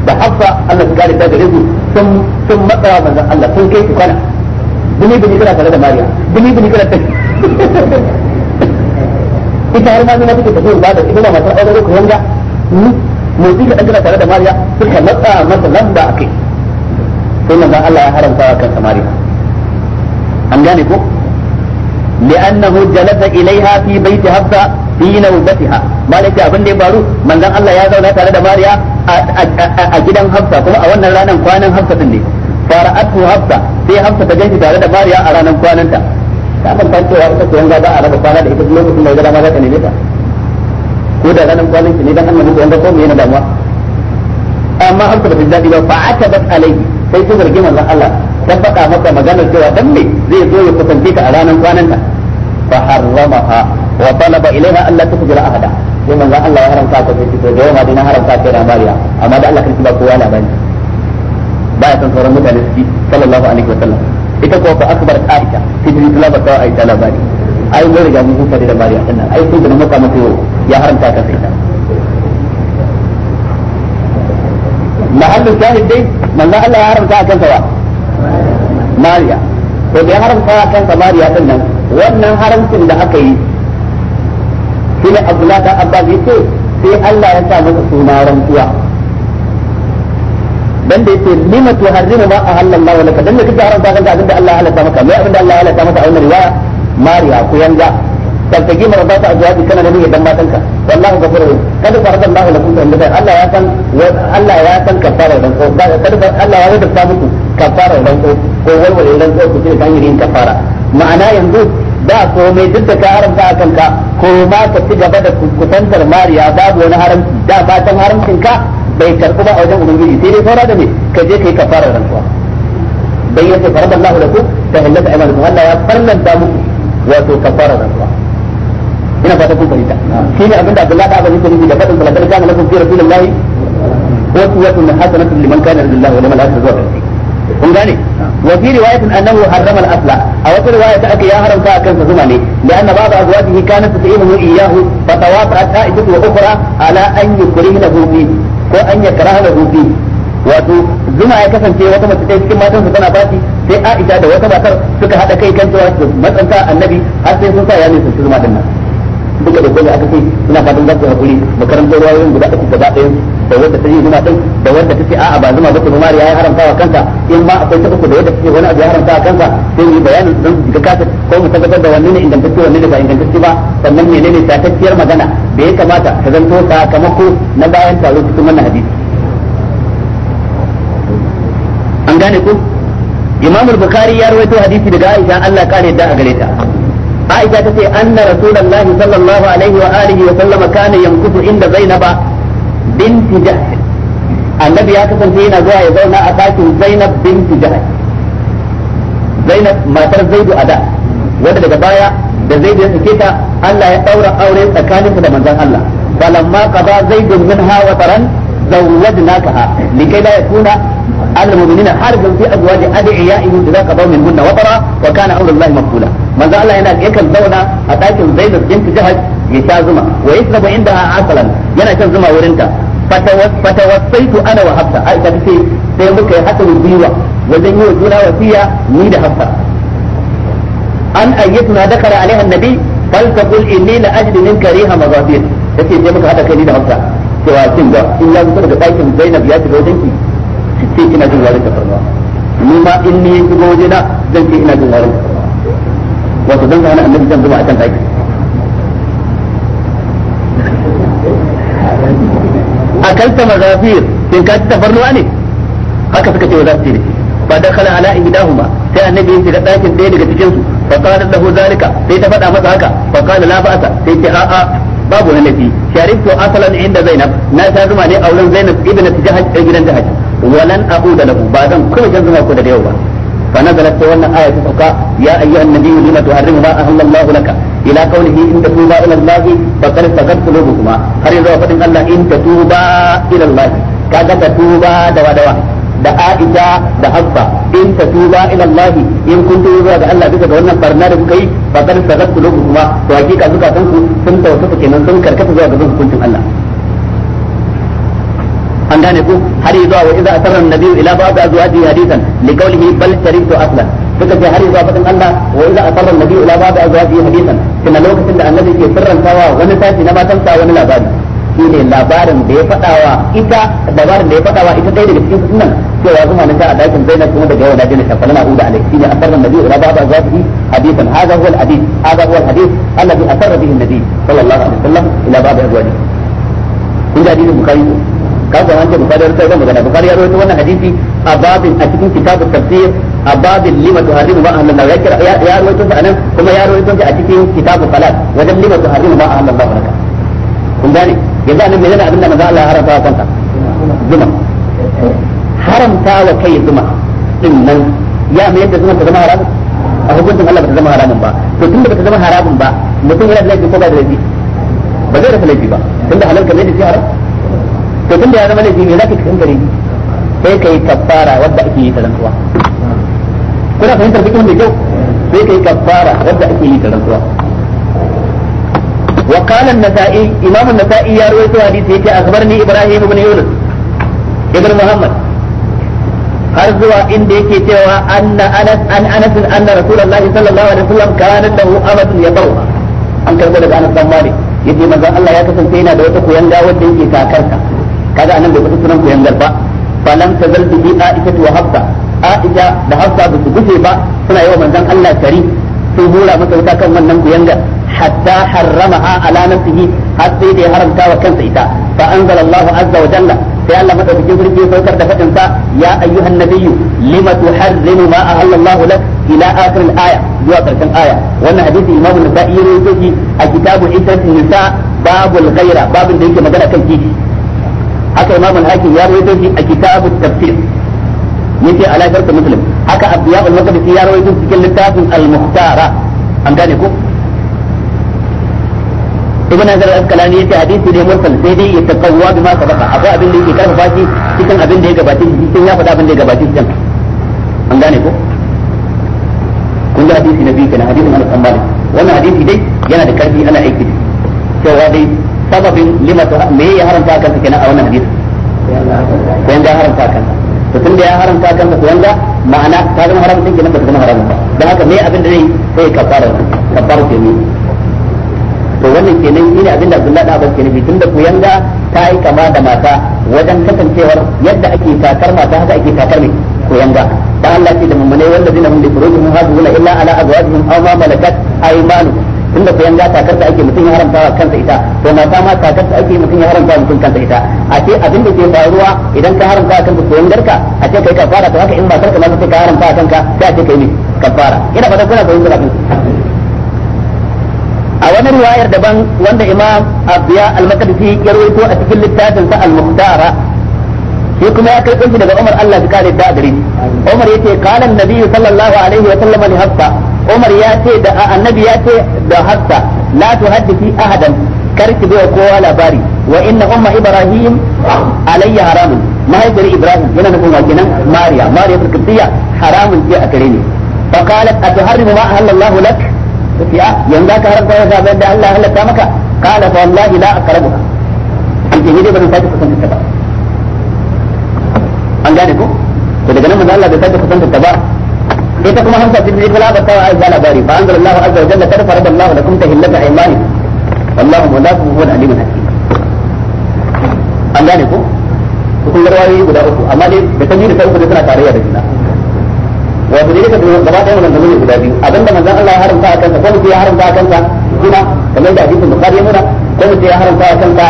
da Hafsa Allah ya kare ta gare sun sun matsa manzon Allah sun kai su bini bini kana tare da mariya bini bini kana tafi ita har ma da ita ba ta aure ko dangana hmm? tare da mariya suka latsa masa lamba a kai sai Allah ya haramta wa kansa mariya an gane ko لأنه جلس إليها في بيت حفصة في نوبتها ما لك أبن دي بارو من ذا الله يا زونا تارد ماريا أجدن حفصة كما أولنا لانا قوانا حفصة دي fara'atu hafsa sai hafsa ta ganshi tare da mariya a ranar kwananta ta san ta cewa ita koyan gaba a raba kwana da ita lokacin da ya gada ma za ta neme ta ko da ranar kwanan ki ne dan annabi koyan gaza ko me yana damuwa amma hafsa ba ta daɗi ba fa'atabat alaihi sai ta zargi manzon Allah ta faɗa masa maganar cewa dan me zai zo ya kusance ta a ranar kwananta fa harramaha wa talaba ilaiha an la tukhbira ahada sai manzon Allah ya haramta ta ce to da yau ma dai haramta ta da mariya amma da Allah kan ba kowa labari baya san sauran mutane su sallallahu alaihi wa sallam ita kuwa fa akbar aisha fi ta tilaba ta aisha labari ai mun riga mun huta da bariya dinnan ai kun da maka mata yau ya haramta ka sai ta mahallin shahid dai la Allah ya haramta ka kanta ba mariya to da ya haramta akan sa mariya nan wannan haramcin da aka yi shi ne Abdullah da Abbas yace sai Allah ya sa masa suna rantsuwa dan da yake lima tuharrimu ma ahallallahu laka dan da kake haramta kanka abin da Allah ya halatta maka mai abinda Allah ya halatta maka a wannan riwaya mariya ku yanga tabtagi a azwaji kana nabi dan matanka wallahu ghafurur kada farada Allah lakum da Allah ya san Allah ya san kafara dan ko kada Allah ya rubuta muku kafara dan ko ko walwale dan ko ku kan yin kafara ma'ana yanzu ba komai duk da ka haramta akan ka ko ma ka ci gaba da kusantar mariya babu wani haramci da ba tan haramcin ka bai karɓi ba a wajen ubangiji sai dai saura da me ka je kai kafara rantsuwa dan yace farada Allah da ku ta hillata aymanukum Allah ya farlanta muku wato kafara rantsuwa ina fata kun fahimta ne abinda Abdullahi da Abdul yake da fadin sallallahu kana wasallam fi rasulillahi uswatun hasanatun liman kana lillahi wa liman akhir zuwa kun gane wa fi riwayat annahu harrama al-asla a wata riwaya ta aka ya haramta akan sa zuma ne azwajihi kanat أزواجه iyyahu fa tawafa ta'idatu wa ukhra ala an yukrimu bihi ko an ya kara da rufi wato zuma ya kasance wata mace ɗaya cikin matansa tana baci sai Aisha da wata matar suka hada kai kan cewa su matsanta annabi har sai sun sa ya ne su zuma din nan duka da kuma aka ce suna fatan za su hakuri makarantar wayoyin guda uku gaba ɗaya da wanda ta yi zuma din da wanda ta ce a'a ba zuma ba bace Umar ya haramta wa kansa in ma akwai ta uku da wanda ta ce wani abu ya haramta wa kansa sai yi bayanin don ga kasa ko mu tabbatar da wanne ne ingantacce wanne ne ba ingantacce ba sannan menene tatacciyar magana da ya kamata ta zanto sakamako na bayan taro cikin wannan hadisi an gane ku Imam al-Bukhari ya rawaito hadisi daga Aisha Allah kare da a gare ta Aisha ta ce anna Rasulullahi sallallahu alaihi wa alihi wa sallama kana yamkutu inda Zainaba binti jahsh annabi ya kasance yana zuwa ya zauna a ɗakin zainab binti jahsh zainab matar zaidu a da wanda daga baya da zaidu ya sake ta Allah ya daura aure tsakaninta da manzon Allah falamma qada zaidun minha wa taran zawwajnakaha likai la yakuna على المؤمنين حرجا في ازواج ادعيائهم اذا قضوا منهن وطرا وكان امر الله مفعولا manzo Allah yana yakan zauna a dakin Zainab bint Jahaj ya sha zuma wa yasrabu indaha asalan yana shan zuma wurin ta fatawassaitu ana wa hafsa aisha tace sai muka yi hasan biwa wajen yi wa juna wasiya ni da hafsa an ayyatu na dakara alaiha annabi fal taqul inni la ajidu min kariha mazafir tace sai muka hada kai ni da hafsa cewa kin ga in ya zo daga ɗakin Zainab ya shiga wajen ki ce kina jin warin tafarnuwa ni ma in ni ya shiga wajena zan ce ina jin warin tafarnuwa wato dan ga annabi zan zuba a kan ɗakin akalta mazafir kin tafarnuwa ne haka suka ce wa za su ce da fa dakhala ala sai annabi ya shiga dakin ɗaya daga cikin su fa qala zalika sai ta faɗa masa haka fa qala sai ce a'a babu wani nafi asalan inda zainab na zuma ne a wurin zainab gidan walan ba zuma da yau ba فنزلت wannan aya ta sauka ya ayyuhan nabiyyu lima tuharrimu ma ahalla ila qawlihi in tatuba ila Allah faqad sagat qulubukuma har yanzu fadin Allah in tatuba ila Allah kaga tatuba dawa dawa da Aisha da Hafsa in tatuba ila Allah in kuntum zuwa ga Allah bisa ga wannan barna da kuka yi faqad sagat qulubukuma to hakika zukatan ku sun tawaffa kenan sun karkata zuwa ga hukuncin Allah an gane ku har yanzu wa idza asarra an-nabiyyu ila ba'd azwajihi hadithan liqawlihi bal sharibtu aslan duka ce har zuwa fadin Allah wa idza asarra nabi ila ba'd azwaji hadithan tunda lokacin da annabi ke sirrantawa wani tashi na matan sa wani labari shine labarin da ya fadawa ita labarin da ya fadawa ita dai daga cikin sunan cewa zuma na ta a dakin zainab kuma daga yau na jina ta falana uda alai shine asarra nabi ila ba'd azwaji hadithan hada huwa alhadith hada huwa alhadith alladhi asarra bihi nabi sallallahu alaihi wasallam ila ba'd azwaji kun da dinin bukari ka ga wanda bukari ya rawaito magana bukari ya rawaito wannan hadisi a babin a cikin kitabut tafsir a babin lima tu harimu ba ahlan ya ya rawaito shi anan kuma ya rawaito shi a cikin kitabul salat wajen lima tu harimu ba ahlan ba baraka kun gane yanzu anan menene abinda manzo Allah ya haramta wa kanka zuma haramta wa kai zuma din nan ya mai yadda zuma ta zama haramun a hukuncin Allah ba ta zama haramun ba to tunda ba ta zama haramun ba mutum yana da laifi ko ba da laifi ba zai rasa laifi ba tunda halal kamar da shi haram to tunda ya zama laifi me zaka kankare sai kai kafara wadda ake yi ta rantsuwa kuna fahimtar cikin da kyau sai kai kafara wadda ake yi da rantsuwa wa qala an-nasa'i imam an-nasa'i ya rawaito hadisi yace akhbarni ibrahim ibn yunus ibn muhammad har zuwa inda yake cewa anna anas an anas anna rasulullahi sallallahu alaihi wasallam kana lahu amatun yadawha an karbo daga anas dan malik yace manzo Allah ya kasance yana da wata koyanga wanda yake takarta kaga anan bai fita sunan koyangar ba falam tazal bihi aisha wa hafsa aisha da hafsa ba su guje ba suna yawa manzon Allah kari sun hura masa wuta kan wannan kuyanga hatta harramaha ala nafsihi har sai da ya haramta wa kansa ita fa anzalallahu azza wa jalla sai Allah madaukakin sarki saukar da fadin sa ya ayyuhan nabiyyu lima tuharrimu ma ahallallahu lak ila akhir al-aya zuwa karshen aya wannan hadisi imamu nasa'i ya rawaito shi a kitabu ittatin nisa babul ghaira babin da yake magana kan kishi haka imam al-hakim ya rawaito shi a kitab at-tafsir yace ala shartu muslim haka abdiya al-maqdisi ya rawaito cikin littafin al-muhtara an gane ko ibn azar al-asqalani yace hadisi ne mursal sai dai ya taqawwa bima sabaqa akwai abin da yake karfa shi cikin abin da ya gabace shi cikin ya faɗa abin da ya gabace shi an gane ko kun ga hadisi na biyu kenan hadisin Anas bin Malik wannan hadisi dai yana da karfi ana aiki cewa dai sababin lima ta me ya haramta kansa kenan a wannan hadisi ko yanda haramta kansa to tun da ya haramta kansa to yanda ma'ana ta zama haramcin kenan ba ta zama haramun ba dan haka me abin da zai sai kafara kafara ke ne to wannan kenan shine abin da Abdullahi da Abbas ke nufi tunda ku yanda ta yi kama da mata wajen kasancewar yadda ake takar mata haka ake takar ne ku yanda dan Allah ce da mummune wanda zina mun da furujin hadu illa ala azwajihim aw ma malakat aymanuhum tunda sayan ga takarta ake mutum ya haramta wa kansa ita to mata ma takarta ake mutum ya haramta mutum kansa ita a ce abin da ke faruwa idan ka haramta wa kanka sayan garka a ce kai kafara to haka in ba karka ma sai ka haramta wa kanka sai a ce kai ne kafara ina fata kuna ga abin a wani riwayar daban wanda imam abiya al-makadisi ya rawaito a cikin littafin sa al-muhtara shi kuma ya kai shi daga Umar Allah ya kare da gare Umar yace qala an-nabi sallallahu alaihi wa sallam li hafsa Umar ya ce da annabi ya ce da Hafsa la tuhaddisi ahadan karki bai kowa labari wa inna umma Ibrahim alayya haramun mahaifiyar Ibrahim yana nufin wa kenan Mariya Mariya Firkisiya haramun ce a kare ne. fa qalat atuharrimu ma ahallallahu lak ya ka haramta wa zaben da Allah halatta maka qala fa wallahi la ji ban sake kusanta ba an gane ko to daga nan manzo Allah bai sake kusanta ba ita kuma hamsa bin ikla ba ta aiza labari fa anzalallahu azza wa jalla kad farada Allahu lakum tahillata aymani wallahu mulakum huwa al-alim hakim an gane ko kun garwayoyi guda uku amma dai da ta da ta uku suna tarayya da juna wato dai kaga gaba ɗaya wannan zamani guda biyu abinda manzon Allah ya haramta a kansa ko mutum ya haramta a kansa kuma kamar da hadisin bukhari ya nuna ko mutum ya haramta a kansa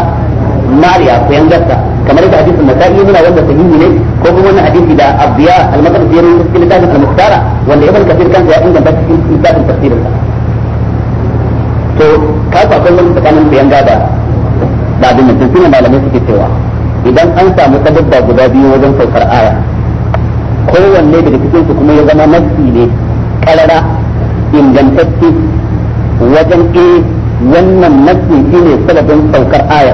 mariya ko yangarta kamar da hadisin nasa'i muna wanda sahihi ne ko kuma wannan hadisi da abiya al-maqdisi ya rubuta cikin littafin al-muhtara wanda ibn kafir kansa ya inganta cikin littafin tafsirin ta. to ka fa akwai wani tsakanin bayan gada da abin da tuntuna malamai suke cewa idan an samu tabbata guda biyu wajen saukar aya kowanne daga cikin su kuma ya zama nafsi ne karara ingantacce wajen eh wannan nafsi shine sababin saukar aya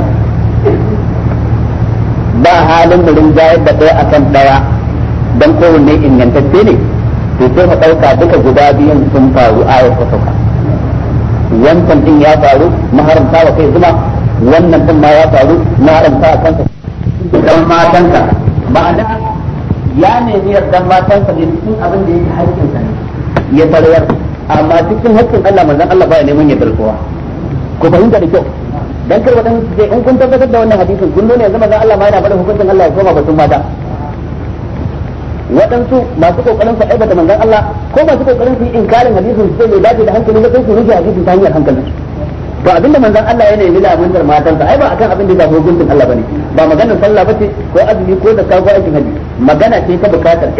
ba halin mu jayar da ɗaya akan ɗaya don kowanne ingantacce ne to sai mu ɗauka duka guda biyun sun faru ayar ta sauka wancan din ya faru maharamta wa kai zuma wannan din ma ya faru maharamta a kanta dan matanka ma'ana ya nemi yardan matansa ne cikin abin da yake haƙƙinsa ne ya tarwar amma cikin haƙƙin Allah manzon Allah ba ya neman ya dalkowa ko fahimta da kyau dan kar wadan su in kun tabbatar da wannan hadisin kun nuna yanzu manzon Allah ma yana bada hukuncin Allah ya koma batun mata waɗansu masu kokarin su aibata manzon Allah ko masu kokarin su yi inkarin hadisin su sai bai dace da hankali ba sai su rufe hadisin ta hanyar hankalin su to abinda manzon Allah yana mun da matan matansa ai ba akan abin da ya shafi hukuncin Allah bane ba magana sallah ce ko azumi ko da kago aikin haji magana ce ta bukatar ce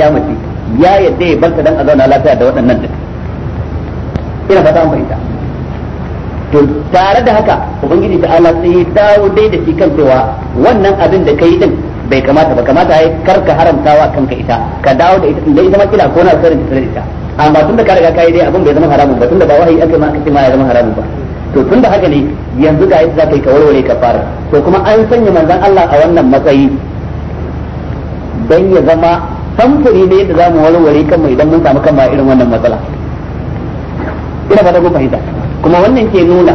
ya yadda ya barka dan a zauna lafiya da waɗannan din ina fata an fahimta to tare da haka ubangiji ta ala sai dawo dai da shi kan cewa wannan abin da kai din bai kamata ba kamata ya kar ka wa kanka ita ka dawo da ita din ita ma kila ko na sarin ta ita amma tunda ka riga kai dai abin bai zama haramun ba tunda ba wahayi aka ma aka ma ya zama haramun ba to tunda haka ne yanzu ga yadda zaka yi ka warware ka fara to kuma an sanya manzon Allah a wannan matsayi dan ya zama samfuri ne yadda za mu warware kanmu idan mun samu kanmu a irin wannan matsala ina ba da fahimta kuma wannan ke nuna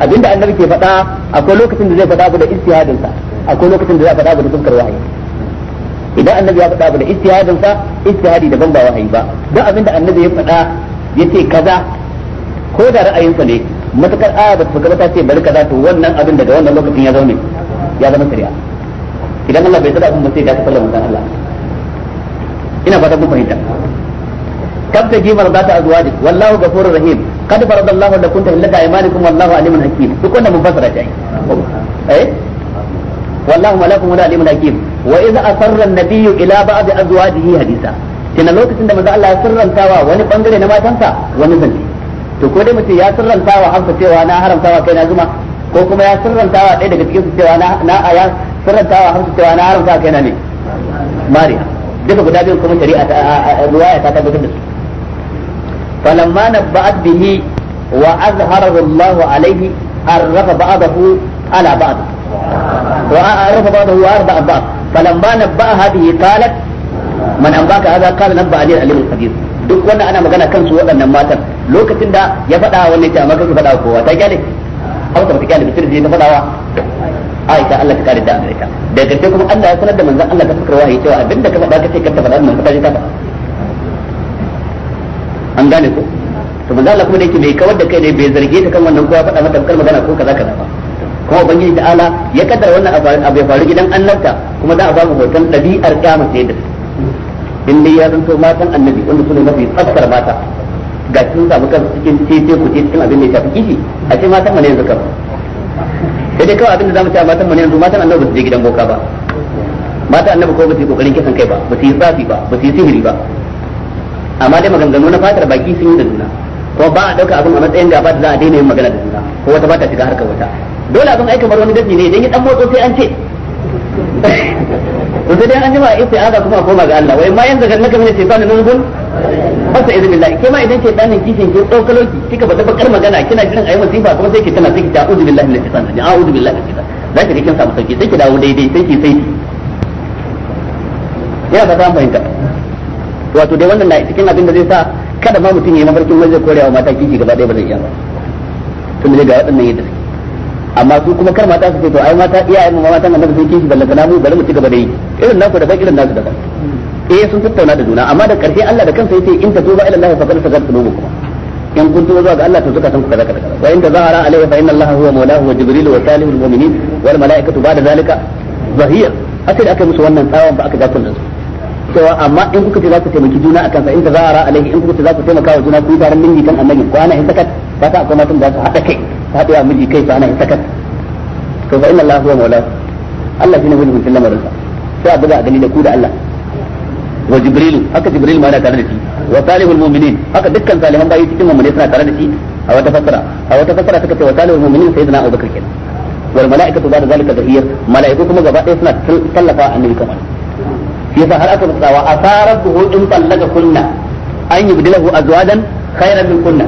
abinda annabi ke faɗa akwai lokacin da zai faɗa abu da istihadin sa akwai lokacin da zai faɗa abu da dukkan wahayi idan annabi ya faɗa abu da istihadin sa istihadi daban ba wahayi ba duk abinda annabi ya faɗa ya ce kaza ko da ra'ayinsa ne matakar aya ba ta faɗa ta ce bari kaza to wannan abin daga wannan lokacin ya zaune ya zama shari'a idan Allah bai tsada abin ba sai da ta sallama Allah ina fata kun fahimta kabta jimar za ta azuwa wallahu ghafurur rahim allah kad kun lakum tahillata aymanikum wallahu alimun hakim duk wannan mun fasara ta eh wallahu malakum wala alimun hakim wa idh asarra an-nabiy ila ba'd azwajihi hadisa kina lokacin da manzo Allah ya sirrantawa wani bangare na matansa wani zance to ko dai mutum ya sirrantawa ta cewa na haramtawa kai na zuma ko kuma ya sirrantawa ɗaya daga cikin su cewa na na ya sirrantawa Hafsa cewa na haramtawa kai na ne mariya duka guda biyu kuma shari'a ta riwaya ta tabbatar da su فلما نبأت به وأظهره الله عليه عرف بعضه على بعض وعرف بعضه وأربع بعض فلما نبأها به قالت من أنباك هذا قال نبأني العليم الخبير duk wannan ana magana kan su waɗannan matan lokacin da ya faɗa wannan ta maka faɗa kowa ta kyale hausa ta kyale bitir ta faɗawa Aisha Allah ta kare da Amerika daga sai kuma Allah ya sanar da manzon Allah ta fikarwa ya cewa abinda ka faɗa kace kanta faɗa manzon ta faɗa an gane ko to manzo Allah kuma da yake bai kawar da kai ne bai zarge ta kan wannan kowa faɗa mata kar magana ko kaza kaza ba kuma ubangiji ta'ala ya kaddara wannan abu ya faru gidan annabta kuma za a ba mu hoton ɗabi'ar kiyama sai da in dai ya zanto matan annabi wanda su ne mafi tsaftar mata ga sun samu kansu cikin tete ku ce cikin abin da ya tafi kishi a ce matan mu ne yanzu kafa sai dai kawai abin da za mu ce matan mu ne yanzu matan annabi ba su je gidan boka ba matan annabi ko ba su yi kokarin kisan kai ba ba su yi tsafi ba ba su yi sihiri ba amma dai maganganu na fatar baki sun yi da juna ko ba a dauka abin a matsayin gaba da za a daina yin magana da juna ko wata ba ta shiga harkar wata dole abin aika kamar wani gaji ne idan ya dan motso sai an ce to sai dai an jima istiaza kuma a koma ga Allah wai ma yanzu kan naka mene shaytan nuzul fasa idan billahi ke ma idan ke dan kishin ke daukalo kika kika bada bakar magana kina jiran ayi masifa kuma sai ki tana sai ki ta'udu billahi min shaytan ji a'udu billahi min shaytan za ki ga kin samu sauki sai ki dawo daidai sai ki sai yana fata fahimta wato dai wannan na cikin abin da zai sa kada ma mutum ya mafarkin wanda zai korewa mata kiki gaba ɗaya ba zai iya ba tun da ga waɗannan yadda suke amma su kuma kar mata su ce to ai mata iyayen mu mata nan da sun kishi balla kana mu bari mu ci gaba da yi irin naku da ba irin nasu daban eh sun tattauna da juna amma da karshe Allah da kansa yace in ta tatuba ila Allah fa qad sagat qulubukum in kuntum zuwa ga Allah to suka san ku kaza kaza wa in tazahara alayhi fa inna Allah huwa mawlahu wa jibril wa salihul mu'minin wal malaikatu ba'da zalika zahir haka da aka musu wannan tsawon ba aka ga kullun su cewa amma in kuka ce za ku taimaki juna a in ta zahara alaihi in kuka ce za ku taimaka wa juna ku taron kan annabi ko ana hisakat ba ta akwai matan da su haɗa kai ba haɗe miji kai su ana hisakat to fa inna Allah huwa maula Allah shine wajibin sallama rinsa sai a buga a gani da ku da Allah wa jibril haka jibril ma yana tare da shi wa salihul mu'minin haka dukkan salihan bayi cikin mu'mini suna tare da shi a wata fassara a wata fassara suka ce wa salihul mu'minin sayyidina Abu kenan wal mala'ikatu ba'da zalika zahir mala'iku kuma gaba ɗaya suna tallafa annabi kamar shi yasa har aka mutsawa asarar buhu in ballaka kunna an yi bidilahu azwajan khairan min kunna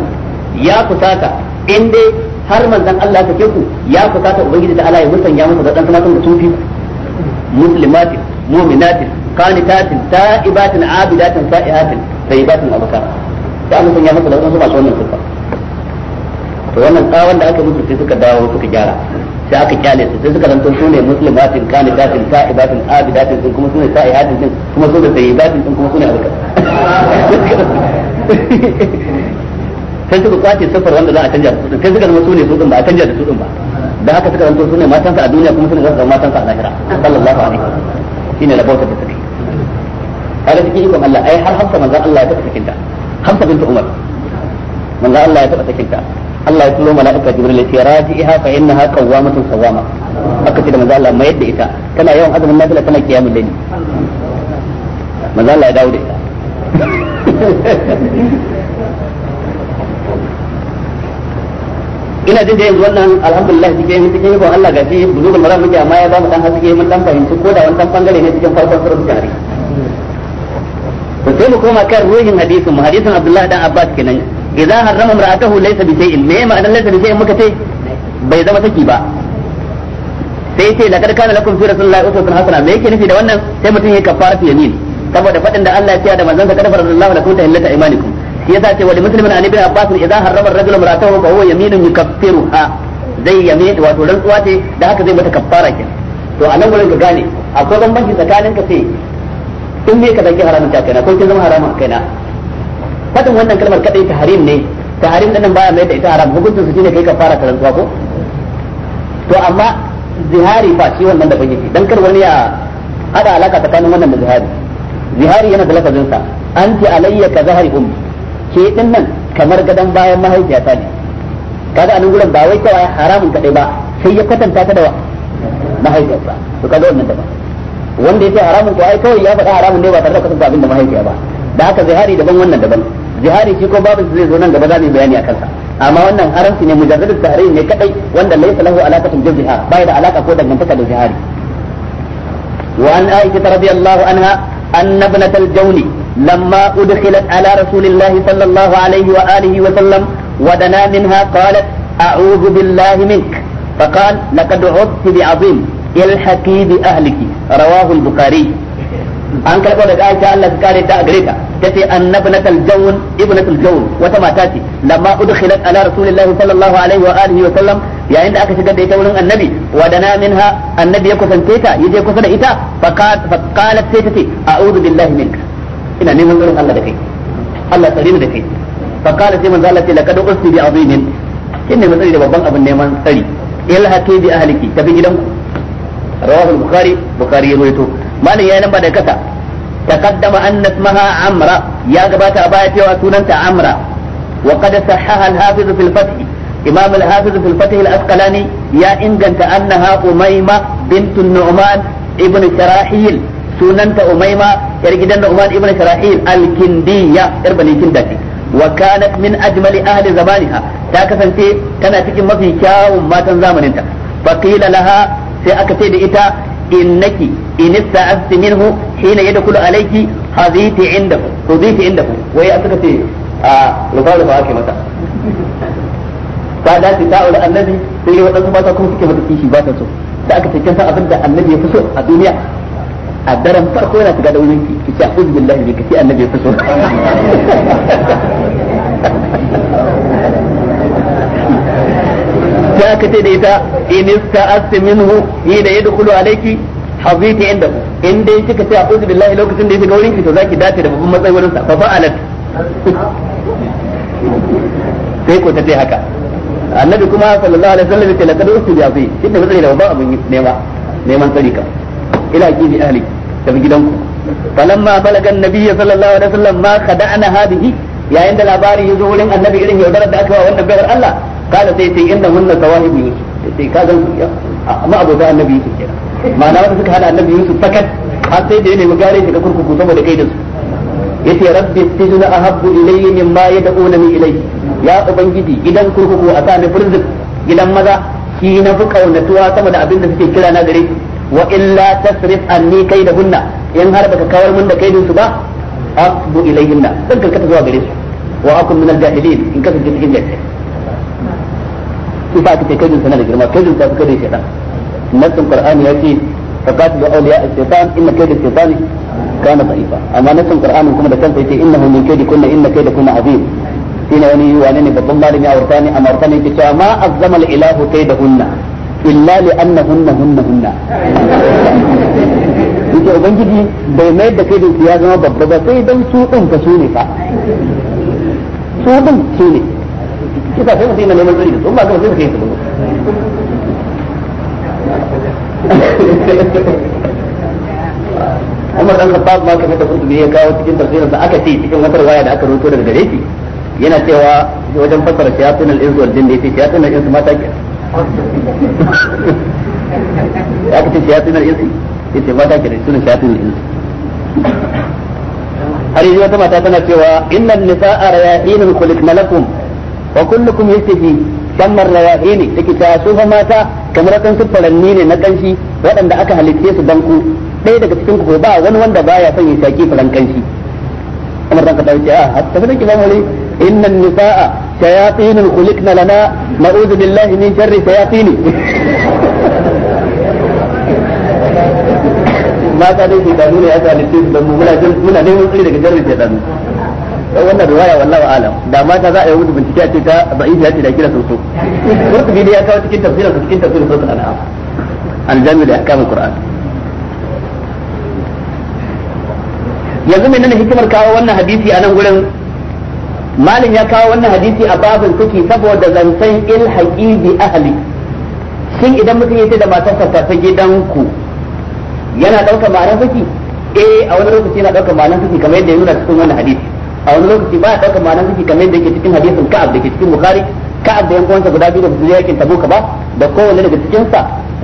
ya kusata in dai har manzon Allah ka ku ya kusata ubangiji ta Allah ya musanya masa da dan matan da sun fi muslimatin mu'minatin qanitatin ta'ibatin abidatin sa'ihatin tayyibatin abkar da an musanya masa da dan masu wannan sifa to wannan tsawon da aka mutu sai suka dawo suka gyara da aka kyale su sai suka zanto su ne muslimatin kanidatin sa'ibatin abidatin din kuma su ne sa'ihatin din kuma su ne sayyibatin din kuma su ne alƙa sai suka kwace sifar wanda za a canja su sai suka zama su ne su ba a canja da su ba da haka suka zanto su ne matansa a duniya kuma su ne za su zama matansa a lahira sallallahu alaihi wasallam shine rabautar da suka yi cikin ikon Allah ai har hafsa manzon Allah ya taɓa sakinta hafsa bintu Umar manzon Allah ya taɓa sakinta Allah ya turo mala'ika Jibril ya ce raji'iha fa innaha qawwamatun sawama aka ce da manzo Allah mayar da ita tana yawan azumin nafila tana kiyamul layl manzo Allah ya dawo da ita ina jin da yanzu wannan alhamdulillah cikin cikin yabon Allah gashi bulugul maram muke amma ya ba mu dan haske mun dan fahimci ko da wani dan bangare ne cikin farkon ta hari. to sai mu koma kan ruhin hadisin mu hadisin Abdullah dan Abbas kenan idza harrama imra'atahu laysa bi shay'in me ma dan laysa bi shay'in muka ce bai zama saki ba sai ce laqad kana lakum fi rasulillahi uswatun hasana me yake nufi da wannan sai mutum ya kafara fi yamin saboda fadin da Allah ya ce da manzon sa kada faradallahu lakum tahillata imanikum shi yasa ce wa muslimin an ibn abbas idza harrama ar-rajulu imra'atahu fa huwa yaminun yukaffiruha zai yamin wato rantsuwa ce da haka zai mata kafara ke to a nan gurin ka gane akwai bambanci tsakanin ka sai in me ka zaki haramun ta kaina ko kin zama haramun kaina fadin wannan kalmar kadai tahrim ne tahrim din nan baya mai da ita haram hukuncin su shine kai ka fara karantuwa ko to amma zihari fa shi wannan da yake dan kar wani ya hada alaka tsakanin wannan da zihari zihari yana da lafazin sa anti alayya ka zahari um ke din nan kamar gadan bayan ta ne kaga anan gurin ba wai kawai haramun kadai ba sai ya kwatanta ta da mahaifiyarsa to kaga wannan da ba wanda yake haramun to ai kawai ya faɗa haramun ne ba tare da kwatanta abin da mahaifiya ba da haka zihari daban wannan daban jihadi shi ko babu zai zo nan gaba za mu bayani akan sa amma wannan haramci ne mujarradu tahrim ne kadai wanda laysa lahu alaqatun bil jihad bai da alaka ko dangantaka da jihadi wa an aisha radiyallahu anha anna ibnat jawni lamma udkhilat ala rasulillahi sallallahu alaihi wa alihi wa sallam ودنا منها قالت أعوذ بالله منك فقال لقد عدت بعظيم الحقي بأهلك رواه البخاري an karɓo daga Aisha Allah ta kare ta a gare ta tace annabnatul jawn ibnatul jawn wata mata ce lamma udkhilat ala rasulillah sallallahu alaihi wa alihi wa sallam yayin da aka shigar da ita wurin annabi wa dana minha annabi ya kusance ta yaje kusa da ita fa qalat sai tace a'udhu billahi minka ina neman gurin Allah da kai Allah tsare ni da kai fa qala sai manzo Allah ce laqad usni bi azimin kin ne matsari da babban abin neman tsari ilhaqi bi ahliki tafi gidanku rawahu al-bukhari bukhari ya rawaito malam ya namba da kasa taqaddama anna maha amra ya gabata a baya cewa sunanta amra wa qad sahaha al-hafiz fil fath imam hafiz fil fath al ya inganta annaha umayma bintu nu'man ibn sharahil sunanta umayma yar gidan nu'man ibn sharahil alkindiya yar bani kindati wa kanat min ajmali ahli zamaniha ta kasance tana cikin mafi kyawun matan zamaninta faqila laha sai aka ce da ita innaki in ista'azti minhu hina yadkhulu alayki indahu indahu wai aka ce a ake mata ta annabi sai kuma suke mata kishi ba ta so da aka cikin san annabi ya a duniya a daren farko yana shiga da wurin ki ki ce a'udhu billahi annabi ya sai aka ce da ita in minhu hina yadkhulu alayki haziti inda in dai kika ce a'udhu billahi lokacin da ya shiga wurin ki to zaki dace da babban matsayi wurin sa fa alat sai ko ta ce haka annabi kuma sallallahu alaihi wasallam ce laqad ustu bi afi inda bazai da babban abin nema neman tsarika ila gidi ahli tafi gidanku falamma balaga annabi sallallahu alaihi wasallam ma khada'na hadihi yayin da labari ya zo wurin annabi irin yaudarar da aka wa wannan bayar Allah kada sai sai inda hunna sawahibi yusuf sai kaga amma da annabi yake kira ma'ana wanda suka hada annabi Yusuf fakat har sai da ya nemi gare shiga kurkuku saboda kai da su ce rabbi sijna ahabbu ilayya mimma yad'unani ilai ya ubangiji gidan kurkuku a sa ni prison gidan maza shi na fi kaunatuwa sama da abin da suke kira na gare wa illa tasrif anni kaidahunna in har baka kawar mun da kaidin su ba asbu ilayhinna zan karkata zuwa gare su wa akun min al-jahilin in kasance cikin jahilai su ba ka ce kaidin na da girma kaidin ta fi shi shaitan nassin qur'ani ya ce faqatilu awliya ash-shaytan inna kayda ash-shaytani kana da'ifa amma nassin qur'ani kuma da kansa yace innahu min kaydi kunna inna kayda kunna azim shine wani wane ne babban malami a wartani a martani yake cewa ma illa yake ubangiji bai mayar da su ya zama babba ba sai dan su din ka su ne fa su din su ne kisa sai mutum yana neman tsari da su ba ga sai kai su Umar dan Khattab ma kamar da Qurtubi ya kawo cikin tafsirin sa aka ce cikin wata riwaya da aka rubuto daga gare shi yana cewa wajen fassara shayatin al-insu wal jinn yace shayatin al-insu mata ke aka ce shayatin al-insu yace mata ke sunan shayatin al-insu har yi wata mata tana cewa innan nisa'a rayahinun khuliqna lakum wa kullukum yastahi sammar ne take ta su mata kamar kan su furanni ne na kanshi waɗanda aka halitte su dan ku ɗaya daga cikin ku ba wani wanda baya son ya shaki furan kanshi kamar dan ka dauke a hatta fa ah, take ba mali inna nisaa shayatin khuliqna lana na'udhu billahi min sharri shayatin mata dai ke da nuna ya halitte su dan mu muna muna neman tsiri daga sharri shaytan dan eh, wannan riwaya wallahi alam da mata za a yi wuce bincike a ce ta ba'idiya ce da kira soso kurtubi ne ya kawo cikin tafsirin cikin tafsirin sosu al'am aljami da ahkamul qur'an yanzu mai nuna hikimar kawo wannan hadisi a nan gurin malin ya kawo wannan hadisi a babin suki saboda zancen il bi ahli shin idan mutum ya ce da matarsa ta ta gidanku yana ɗaukar ma'anar suki eh a wani lokaci yana ɗaukar ma'anar suki kamar yadda ya nuna cikin wannan hadisi a wani lokaci ba ya ɗauka ma'anar ziki kamar yadda ke cikin hadisin ka'ab da ke cikin bukari ka'ab da yankuwansa guda biyu da su je yakin tabuka ba da kowanne daga cikin sa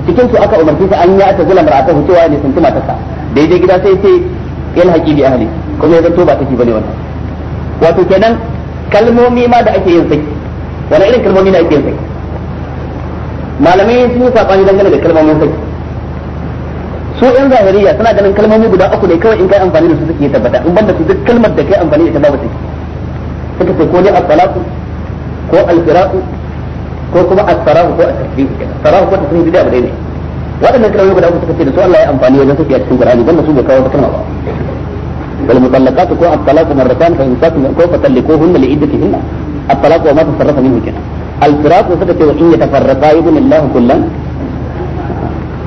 cikin su aka umarci sa an ya ta zula mara ta cewa ne sun tuma ta daidai gida sai ce yan haƙi bi ahli kuma ya zanto ba take bane wannan wato kenan kalmomi ma da ake yin sai wani irin kalmomi da ake yin sai malamai sun yi saɓani dangane da kalmomin sai su yan zahiriya suna ganin kalmomi guda uku ne kawai in kai amfani da su suke tabbata in banda su duk kalmar da kai amfani da ita babu take suka ce ko ne as-salatu ko al-firaqu ko kuma as-sarahu ko at-tasbihu sarahu ko tasbihu da abu ne waɗannan kalmomi guda uku suka ce da su Allah ya amfani wajen su a cikin Qur'ani banda su ba kawo ta kalma ba wal mutallaqatu ko at-talaqu marratan fa imsaku ko fatalliquhunna li iddatihinna at-talaqu wa ma tasarrafa minhu kana al-firaqu suka ce wa in yatafarraqa yubnillahu kullan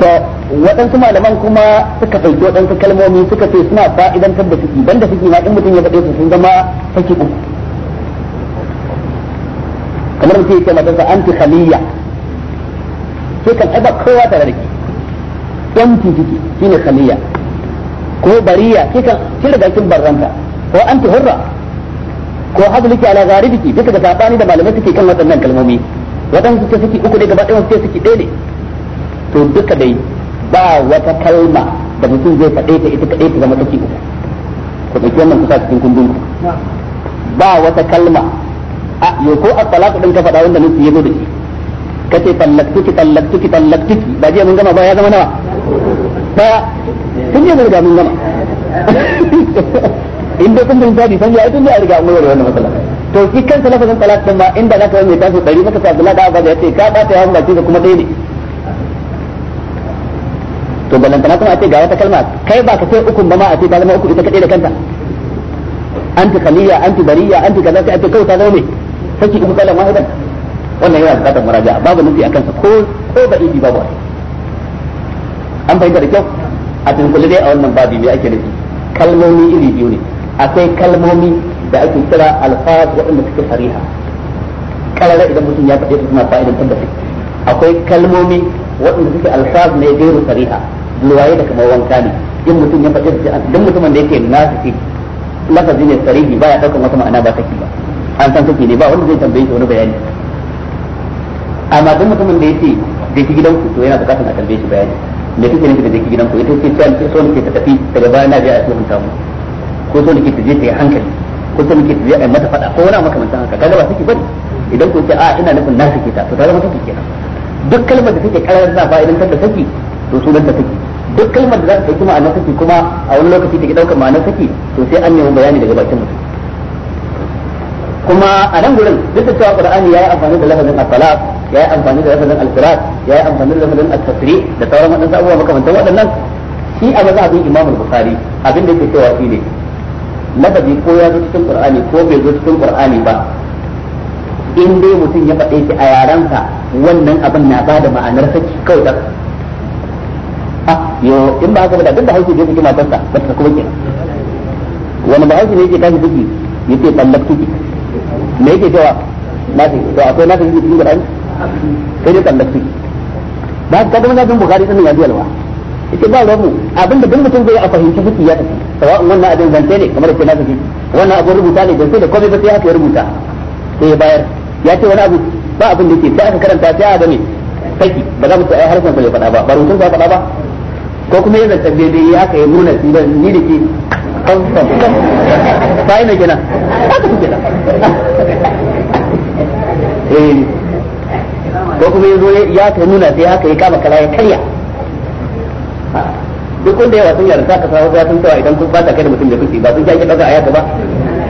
to waɗansu malaman kuma suka ɗauki waɗansu kalmomi suka ce suna fa'idantar da ciki banda ciki ma in mutum ya faɗe su sun zama saki uku kamar mutum ya ce sa anti khaliya sai kan aiba kowa tare da ke yanki ciki ne khaliya ko bariya sai kan kin riga kin barranta ko anti hurra ko hadliki ala gharibiki duka da sabani da malamai suke kan waɗannan kalmomi waɗansu ce suke uku ne gaba ɗaya suke suke ɗaya ne to duka dai ba wata kalma da mutum zai faɗe ta ita kaɗai ta zama take uku ku ɗauki wannan kusa cikin kundin ku ba wata kalma a yau ko a tsala kuɗin ka faɗa wanda nufi ya zo da shi ce tallaktuki tallaktuki tallaktuki ba jiya mun gama ba ya zama nawa daya tun yi mun mun gama inda kun bin zabi san ya tun a riga mun yi wannan matsala to shi kansa lafazin talak din ma inda zaka yi mai tasu ɗari maka sa Abdullahi da Abba ya ce ka ba ta hanga ce da kuma ɗaya ne to lantana kuma a ce ga wata kalma kai ba ka sai uku ba ma a ce ta zama uku ita kadai da kanta anti khaliya anti bariya anti kaza sai a ce kawai ta zama ne saki uku kalan wahidan wannan yana bukatar muraja'a babu nufi akan kansa ko ko ba idi babu an fahimta da kyau a tunkuli dai a wannan babi me ake nufi kalmomi iri biyu ne akwai kalmomi da ake kira alfaz waɗanda suke fariha kalara idan mutum ya faɗe su suna fa'idan tabbata akwai kalmomi waɗanda suke alfaz ne gairu sariha luwaye da kamar wanka ne in mutum ya faɗi da duk mutumin da yake nasifi lafazi ne sarihi baya daukan wata ma'ana ba take ba an san take ne ba wanda zai tambaye shi wani bayani amma duk mutumin da yake da ki gidanku to yana bukatar a tambaye shi bayani me kake nake da da ki gidanku ita ce ta ce so nake ta tafi daga baya na biya a cikin tamu ko so nake ta je ta yi hankali ko so nake ta je a mata fada ko wani makamantan haka kaga ba saki bane idan ku ce a ina nufin na saki ta to ta zama take kenan duk kalmar da take karar za ba idan ta take to sunan ta take duk kalmar da za ta ɗauki a saki kuma a wani lokaci take ɗaukar ma saki to sai an nemi bayani daga bakin mutum kuma a nan gurin duk da cewa ya yayi amfani da lafazin as-salat yayi amfani da lafazin al ya yayi amfani da lafazin at da sauran waɗannan abubuwa makamantan waɗannan shi a maza abin Imam al-Bukhari abin da yake cewa shi ne lafazi ko ya zo cikin qur'ani ko bai zo cikin qur'ani ba in dai mutum ya faɗe shi a sa wannan abin na bada ma'anar saki kawai a yo in ba haka ba duk da hauki da matarsa ba ta kuma wani ba ne yake tashi yake tuki me yake cewa na to akwai cikin sai dai tuki ba bukari yake ba abinda duk mutum zai a fahimci duki ya tafi sawa'un wannan abin zance ne kamar yake na tafi wannan abin rubuta ne zance da komai ba sai haka ya rubuta sai ya bayar ya ce wani abu ba abin da sai aka karanta sai a ga me saki ba za mu ce ai harkar bai faɗa ba ba rubutun ka faɗa ba ko kuma yana zanta daidai ya aka yi nuna shi ban ni da ke kamfam sai na gina haka suke da eh. ko kuma ya zo ya kai nuna sai haka ya kama kala ya karya duk wanda ya wasu yarda ka sawo ya sun tawa idan kun ba ta kai da mutum da kuke ba sun kike daga ayata ba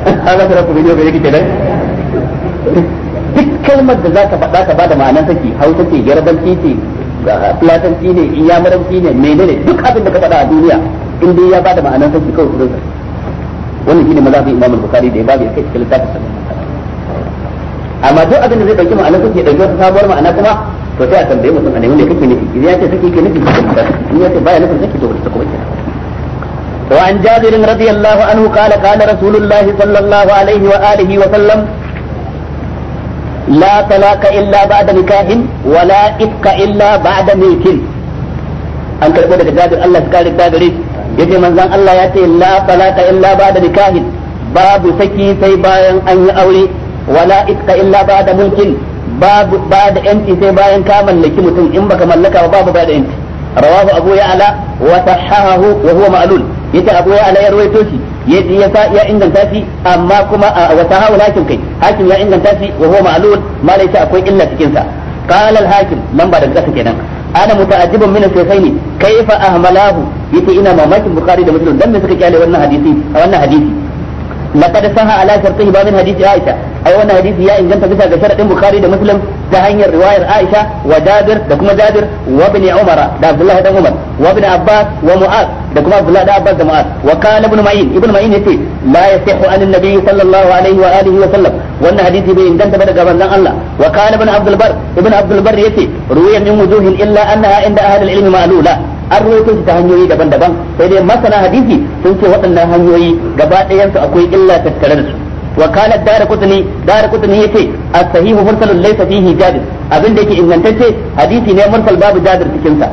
an ga sarrafa video ga yake kenan duk kalmar da za ka faɗa ka ba da ma'anar take hausa ce yarbanci ce latanci ne in ya iyamuranci ne menene duk abin da ka faɗa a duniya in dai ya bada ma'anar sarki kawai kudin sarki wannan maza fi Imam bukari da ya ba ya kai cikin littafin sa amma duk abin da zai ɗauki ma'anar sarki ya dauki wata sabuwar ma'ana kuma to sai a tambaye mutum a nemi ne kake nufi idan ya ce sarki ke nufi in ya ce baya nufin sarki to wata kuma kenan وعن جابر رضي الله عنه قال قال رسول الله صلى الله عليه وآله وسلم لا طلاق إلا بعد نكاح ولا إفك إلا بعد ميت an karɓo daga jabir Allah ta kare jabiri yace manzon Allah ya ce la talaka illa ba'da nikahin babu saki sai bayan an yi aure wala iska illa ba'da mulkin babu ba'da yanci sai bayan ka mallaki mutum in baka mallaka ba babu ba'da yanci rawahu abu ya'la wa sahahahu wa huwa ma'lul ya ya inganta shi amma kuma wa tahawul hakim kai hakim ya inganta shi wa huwa ma'lul ma laysa akwai illa cikin sa qala al hakim lamba da kasa kenan ana muta'ajjibun min sayfaini kayfa ahmalahu yace ina mamakin bukhari da muslim dan me suka kyale wannan hadisi a wannan hadisi laqad saha ala shartihi ba min hadisi aisha ai wannan hadisi ya inganta bisa ga sharadin bukhari da muslim ta hanyar riwayar aisha wa jabir da kuma jabir wa ibn umar da abdullah dan umar wa ibn abbas wa mu'az da kuma abdullah dan abbas da mu'az wa kana ibn ma'in ibn ma'in yace la yasihu an annabi sallallahu alaihi wa alihi wa sallam wannan hadisi bai inganta ba daga manzon Allah wa kana ibn abdul bar ibn abdul bar yace ruwiya min wujuhin illa annaha inda ahli al-ilmi ma'lula an rawaito ta hanyoyi daban-daban sai dai masana hadisi sun ce waɗannan hanyoyi gaba ɗayan su akwai illa tattare da su وقال الدار قطني دار قطني يتي الصحيح مرسل ليس فيه جادر abin da yake ingantacce hadisi ne mursal babu jadir cikin sa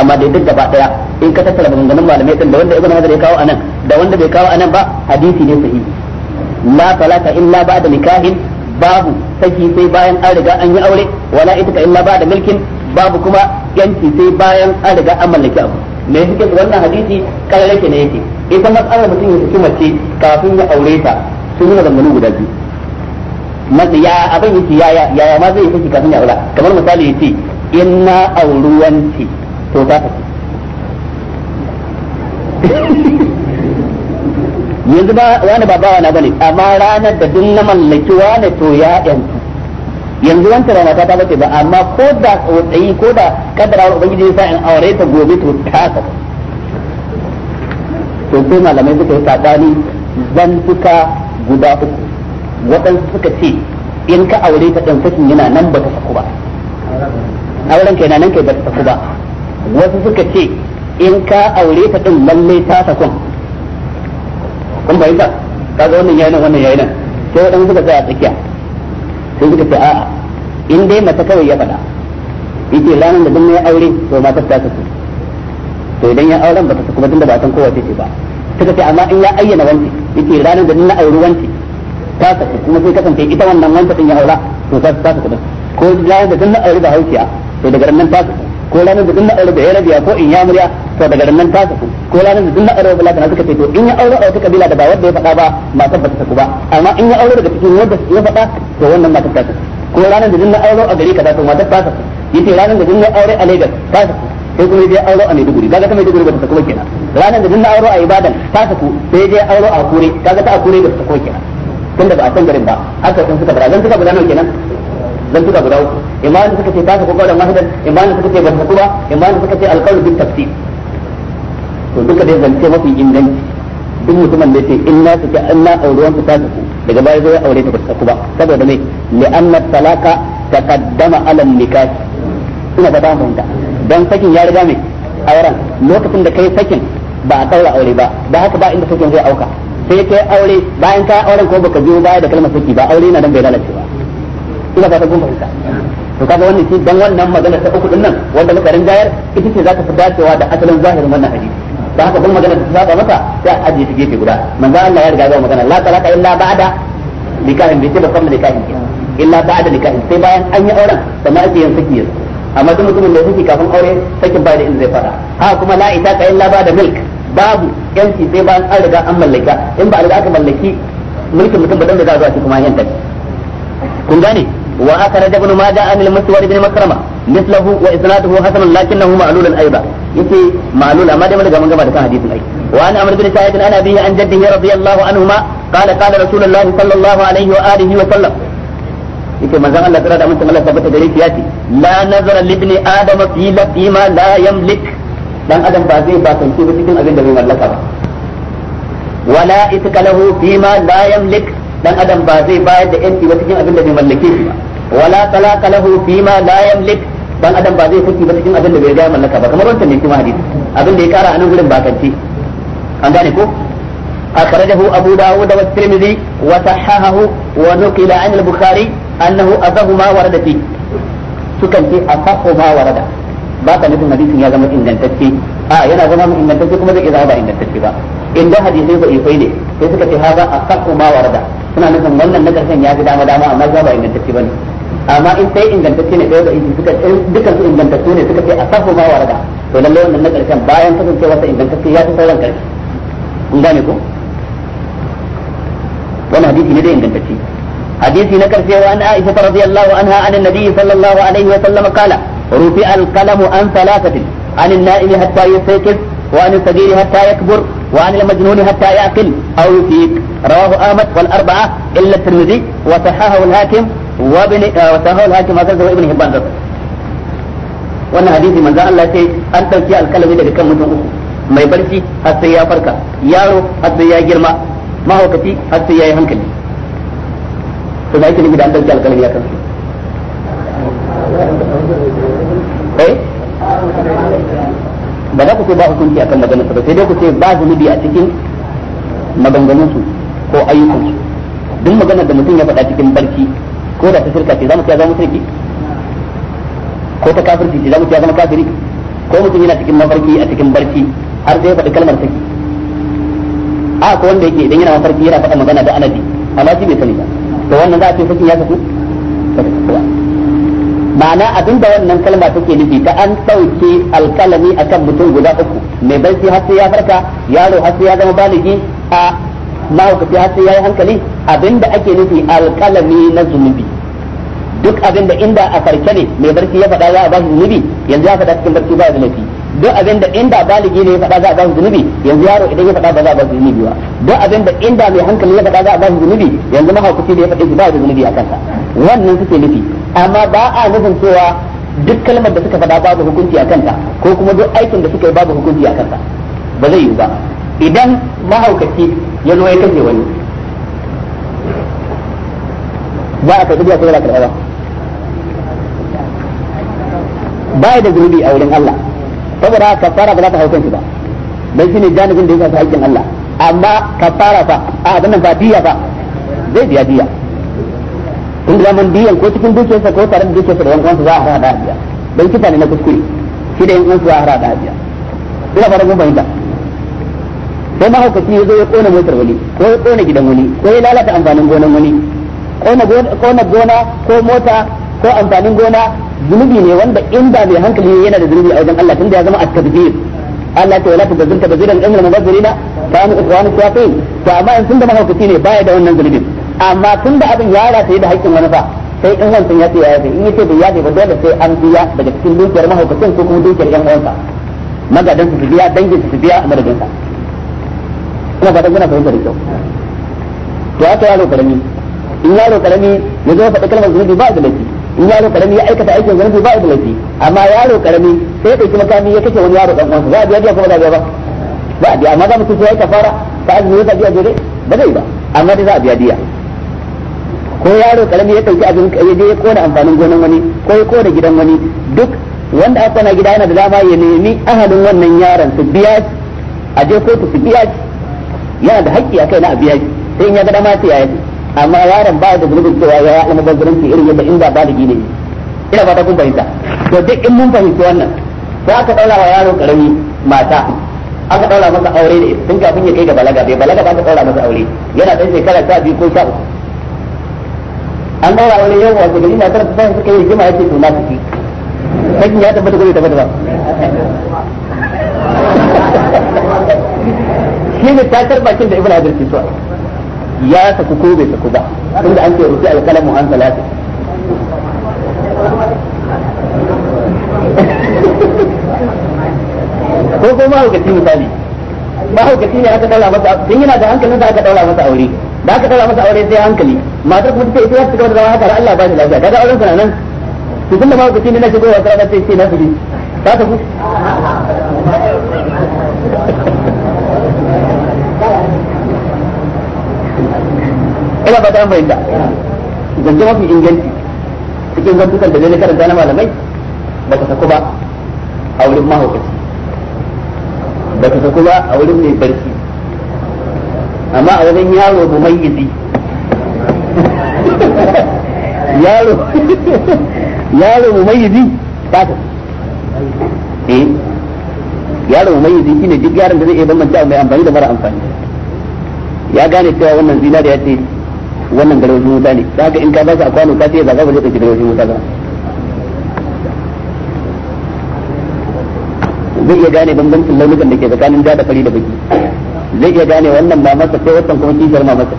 amma dai duk gaba daya in ka tattara maganganun malamai din da wanda ibnu hadar ya kawo anan da wanda bai kawo anan ba hadisi ne sahihi la talaka illa ba'da nikahin babu saki sai bayan an riga an yi aure wala itaka illa ba'da milkin babu kuma yanci sai bayan an riga an mallaki abu me yake wannan hadisi kallare yake ne yake ita matsalar mutum ya saki mace kafin ya aure ta sun yi maganganu guda biyu mace ya abin yake yaya yaya ma zai saki kafin ya aura kamar misali yace in na auruwanci to ta saki yanzu ba wani babawa na bane amma ranar da duk na mallaki wani to ya yanci yanzu da mata ta bace ba amma ko da tsayi ko da kaddarawar ubangiji sa in aure ta gobe to ta ka to sai malamai suka yi sabani suka guda uku waɗansu suka ce in ka aure ta ɗan sakin yana nan ba ta saku ba auren kai na nan kai ba ta saku ba wasu suka ce in ka aure ta din lalle ta sakun kun bai ka kaga wannan yayin wannan yayin sai wadan suka tsaya tsakiya sai suka ce a'a in dai mata kawai ya faɗa yace ranar da duk ya aure to mata ta saku to idan ya auren ba ta saku ba tunda ba san kowa ce ba suka ce amma in ya ayyana wanci yace ranar da duk na aure wanci ta saku kuma sai kasance ita wannan wanta din ya aura to ta ta saku ko ranar da duk na aure ba hauciya to daga nan ta saku ko ranar da duk na aure da yarabiya ko in yamuriya to daga nan ta saku ko ranar da duk na aure bala kana suka ce to in ya aure a wata kabila da ba wanda ya faɗa ba ma ba ta saku ba amma in ya aure daga cikin wanda ya faɗa to wannan matar ta saku ko ranar da duk na aure a gari kaza to ma ta saku yace ranar da duk na aure a Lagos ta saku sai kuma ya aure a Maiduguri kaga ta Maiduguri ba ta saku ba kenan ranar da duk na aure a Ibadan ta saku sai ya aure a Kure kaga ta a Kure ba ta saku kenan tunda ba a san garin ba haka sun suka bara zan suka bara nan kenan zantuka guda uku imam suka ce ta ko da wahidan imam suka ce ba su ba imam suka ce alqawl duk tafsir to duka dai zance mafi inganci duk mutumin da ce yake inna suke anna auruwan ta ta ku daga baya zai aure ta ba ku ba saboda me li anna talaka taqaddama ala nikah ina da damu da dan sakin ya riga me auren lokacin da kai sakin ba a daura aure ba da haka ba inda sakin zai auka sai kai aure bayan ka auren ko baka biyo baya da kalmar saki ba aure na dan bai lalace ba ina ba ta gun fahimta to kaga wannan shi dan wannan magana ta uku din nan wanda muka rinjayar ita ce za ta fi dacewa da asalin zahirin wannan hadisi da haka dan magana da saba masa sai a ajiye ta gefe guda manzo Allah ya riga ga magana la talaka illa ba'da nikahin bai ce ba kamar nikahin illa ba'da nikahin sai bayan an yi auren sannan ake yin saki amma duk mutumin da yake kafin aure sakin ba da in zai fara ha kuma la ita ka illa ba'da milk babu yanci sai bayan an riga an mallaka in ba a riga aka mallaki mulkin mutum ba dan da za a zuwa a ci kuma yan kun gane وأخرج ابن ماجه عن المسور بن مكرمة مثله وإسناده حسن لكنه معلول أيضا يتي معلول أما دم لقى من قبل كان حديث أي وعن عمرو بن سعيد عن أبيه عن جده رضي الله عنهما قال قال رسول الله صلى الله عليه وآله وسلم yake manzon Allah tsara da mutum Allah tabbata gare shi yace la nazara libni adam fi la ma la yamlik dan adam ba zai bakance ba cikin abin da bai mallaka ba wala itqalahu fi ma la yamlik dan adam ba zai bayar da yanci ba cikin abin da bai mallake shi ba wala talaka lahu fima la yamlik dan adam ba zai fuki ba cikin abin da bai ga mallaka ba kamar wannan ne kuma hadisi abin da ya kara a nan gurin bakanci an gane ko أخرجه أبو داود والترمذي وصححه ونقل عن البخاري أنه أصح ما ورد فيه سكن في أصح ما ورد ba ka nufin hadisin ya zama ingantacce a yana zama ingantacce kuma zai iya zama ba ingantacce ba in da hadisai ba ifai ne sai suka ce haza a sakku ma warda suna nufin wannan na karshen ya fi dama dama amma ba ingantacce ne amma in sai ingantacce ne da in suka dukkan su ingantattu ne suka ce a sakku ma warda to lalle wannan na karshen bayan kasancewa wata ingantacce ya fi sauran karshe kun gane ko wannan hadisi ne da ingantacce hadisi na karshe wa an رضي الله عنها an النبي صلى alaihi wa وسلم kala rufi al عن an عن an حتى naimi وعن yastayqiz wa an وعن المجنون حتى يعقل أو يفيق رواه أحمد والأربعة إلا الترمذي وصححه الحاكم وابن وصححه الحاكم وأخرجه ابن حبان wannan hadisi manzo Allah ce an dauki alkalami daga kan mutum uku mai barci har sai ya farka yaro har sai ya girma mahaukaci har sai ya yi hankali to da yake nufi da an dauki alkalami ya kansu ba za ku ce ba hukunci akan maganarsa ba sai dai ku ce ba zunubi a cikin maganganun su ko ayyukan su duk maganar da mutum ya faɗa cikin barci ko da ta shirka ce za mu ce za mu shirki ko ta kafirci ce za mu ce zama kafiri ko mutum yana cikin mafarki a cikin barci har sai ya faɗi kalmar saki a ko wanda yake idan yana mafarki yana faɗa magana da anadi amma shi bai sani ba to wannan za a ce sakin ya fito ma'ana abinda wannan kalma take nufi ta an ɗauke alkalami akan mutum guda uku mai barci har sai ya farka yaro har sai ya zama baligi a mahaukaci har sai ya yi hankali abinda ake nufi alkalami na zunubi duk abinda inda a farke ne mai barci ya faɗa za a bashi zunubi yanzu ya faɗa cikin barci ba zunubi duk duk abinda inda baligi ne ya faɗa za a ba zunubi yanzu yaro idan ya faɗa ba za a bashi zunubi ba duk abinda inda mai hankali ya faɗa za a bashi zunubi yanzu mahaukaci da ya faɗi ba zunubi a kansa wannan suke nufi amma ba a nufin cewa duk kalmar da suka faɗa babu hukunci a kanta ko kuma duk aikin da suka yi babu hukunci a kanta ba zai yi ba idan mahaukaci ya zo ya kashe wani za a karɓi ko za a ba yi da zunubi a wurin Allah saboda kafara ba za ta haukanci ba dan shine janibin da ya shafi haƙƙin Allah amma kafara ba a abin nan ba diya ba zai biya diya tun da zaman biyan ko cikin dukiyarsa ko tare da dukiyarsa da yan uwansa za a hada biya don kita ne na kuskure shi da yan uwansa za a hada biya ina fara mun bayyana sai mahaukaci ya zo ya kona motar wani ko ya kona gidan wani ko ya lalata amfanin gonan wani kona gona ko mota ko amfanin gona zunubi ne wanda inda mai hankali yana da zunubi a wajen Allah tunda ya zama at-tadbir Allah ta wala tadbir mu innal mubazzirina kanu ikhwanu shayatin to amma in da mahaukaci ne baya da wannan zunubin amma tun da abin ya rataye da haƙƙin wani fa sai in wancan ya ce ya yafe in ya ce bai yafe ba dole sai an biya daga cikin dukiyar mahaukacin ko kuma dukiyar yan uwansa magadan su biya dangin su biya a madadin sa kuma ba dangana fahimta da kyau to aka yaro karami in yaro karami ya zo faɗi kalmar zunubi ba da laifi in yaro karami ya aikata aikin zunubi ba da laifi amma yaro karami sai ya ɗauki makami ya kashe wani yaro ɗan uwansa za a biya biya kuma a biya ba za a biya amma za mu ce ya kafara ta azumi ya biya jere ba zai ba amma dai za a biya biya ko yaro karami ya dauki abin ya je ya kona amfanin gonan wani ko ya kona gidan wani duk wanda aka kona gida yana da dama ya nemi ahalin wannan yaron su biya a je kotu su biya yana da haƙƙi kai na a biya sai in ya ga dama sai ya yi amma yaron ba da zunubin cewa ya yi almubazzaranci irin yadda in ba da gine ina ba ta kun fahimta to duk in mun fahimci wannan ko aka daura wa yaro karami mata aka daura masa aure ne ita tun kafin ya kai ga balaga bai balaga ba ka daura masa aure yana dan shekara biyu ko 13 an daura wani yau wace gari matar ta sai suka yi rigima yace to na fiki sakin ya tabbata ko tabbata ba shi ne takar bakin da ibn hajar ke so ya saku ko bai saku ba tunda an ce rufi alqalamu an salati ko ko mahaukaci misali mahaukaci ne aka daura masa don yana da hankalin da aka daura masa aure da aka tsara masa aure sai hankali matar kuma take ita ta gaba da haka da Allah ba shi lafiya kaga auren sa nan to tunda ma ku ne na shigo wa sarara sai sai na fiji ba ta ku ina ba ta amfani da zance mafi inganci cikin zantukan da zai karanta na malamai ba ka saku ba a wurin mahaukaci ba ka saku ba a wurin mai barci amma a wajen yaro mu mayyizi yaro yaro mu mayyizi ba ta eh yaro mu mayyizi shine duk yaron da zai iya bambanta mai amfani da mara amfani ya gane cewa wannan ya ce wannan garwashin wuta ne da haka in ka ba a kwano ka ce ba za ka je ka wuta ba zai iya gane bambancin launukan da ke tsakanin ja da fari da baki zai iya gane wannan ba masa ko wannan kuma kishar ma masa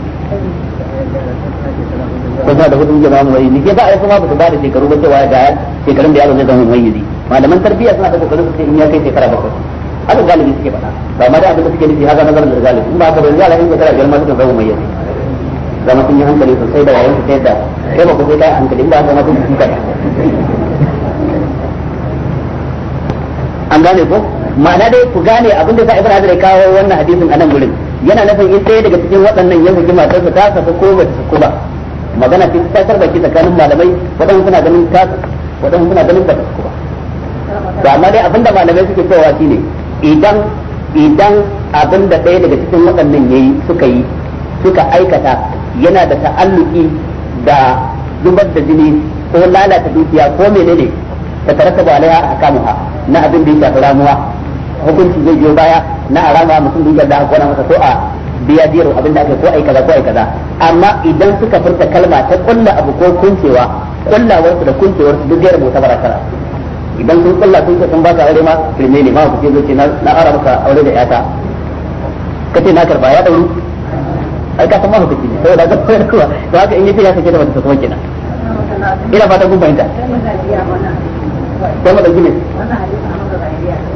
kusa da hudun jama'a mai ne ba ai kuma ba su ba da shekaru ba cewa ga shekarun da yaro zai zama mai yi malaman tarbiyya suna da kokarin su in ya kai shekara bakwai haka galibi suke faɗa ba ma da abin da suke nufi haka nazarin da galibi in ba ka bari yanzu in shekara biyar ma suka zama mai yi zama sun yi hankali sosai da wayan su sai da kai ba ku sai kai hankali ba haka ma sun kuka an gane ko ma'ana dai ku gane abinda sa ibn azra kawo wannan hadisin nan gurin yana nufin in sai daga cikin waɗannan yanzu hukuma ta ta saka ko ba ta ba magana ce ta tarba ki tsakanin malamai waɗannan suna ganin ta waɗannan suna ganin ba ta ku ba to amma dai abinda malamai suke cewa shine idan idan abinda ɗaya daga cikin waɗannan yayi suka yi suka aikata yana da ta'alluki da zubar da jini ko lalata dukiya ko menene ta tarasa ba alaiha kamuha na abin da ya shafi ramuwa hukunci zai biyo baya na arama mutum da yadda aka kona masa ko a biya biyar abin da aka ko ai kaza ko ai kaza amma idan suka furta kalma ta kulla abu ko kuncewa kullawar su da kuncewar su duk zai rubuta barakara idan sun kulla sun ce sun ba ka aure ma filme ne ma ku ce zai ce na ara maka aure da yata ka ce na karba ya dauru ai ka san ma hukunci ne saboda ga kowa to haka in yace ya sake da wata kuma kina ina fatan kun fahimta sai mu dauki ne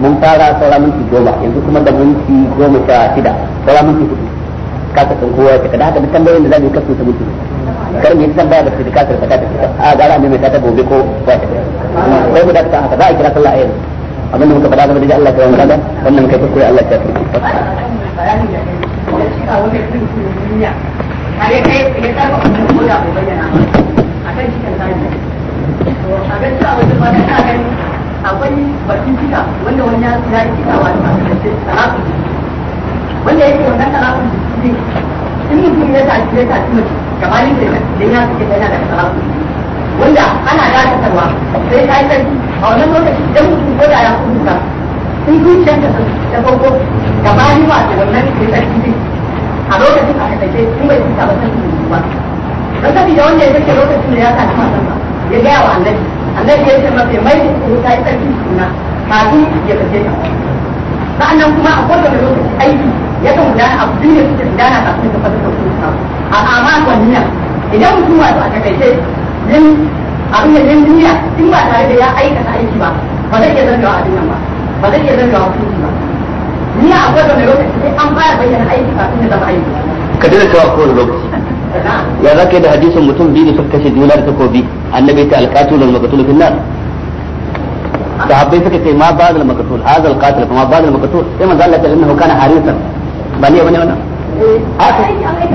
mun fara saura minti goma yanzu kuma da minti goma sha shida saura minti hudu kasa kan kowa ya cika da haka duk tambayoyin da za mu yi kasu ta minti kar mu yi tambaya da su kasar ta kasa a gara mai mai kata gobe ko ba wata sai mu da ta haka za a kira sallah a yanzu abinda muka faɗa game da Allah ya kawo kada wannan kai kuskure Allah ya kawo a kan cikin zai a kan sa wata ba ta ganin akwai batun cika wanda wani ya ya yi cikawa da talafin wanda yake wannan talafin ne in mutum ya tafi ya tafi mace gabanin da dan ya suke yana da talafin wanda ana dakatarwa sai ta yi sarki a wannan lokaci idan mutum ko da ya ta sun zuciyar da ta farko gabanin wa da wannan ke sarki ne a lokacin a kasance sun bai cika ba san su ba don saboda wanda ya sake lokacin da ya tafi masansa ya gaya wa annabi annabi ya ce mafi mai wuta ya tsarki suna kafin ya kace ta sa'annan kuma a kowane lokaci aiki ya kan gudana a kudin da suke gudana kafin ka fasa sauƙi ta a amma wannan idan mutum wato a takaice yin abin da yin duniya in ba tare da ya aikata aiki ba ba zai iya zargawa a nan ba ba zai iya zargawa hukunci ba ni a kowane lokaci sai an fara bayyana aiki kafin ya zama aiki ka dina cewa kowane lokaci ya za ka yi da hadisin mutum biyu da suka kashe juna da takobi annabi ta alqatul wal maqtul fil nar sahabbai suka ce ma ba'd makatul hazal hadha al qatil ma ba'd al sai manzo Allah ta innahu kana harisan ba ne wani wannan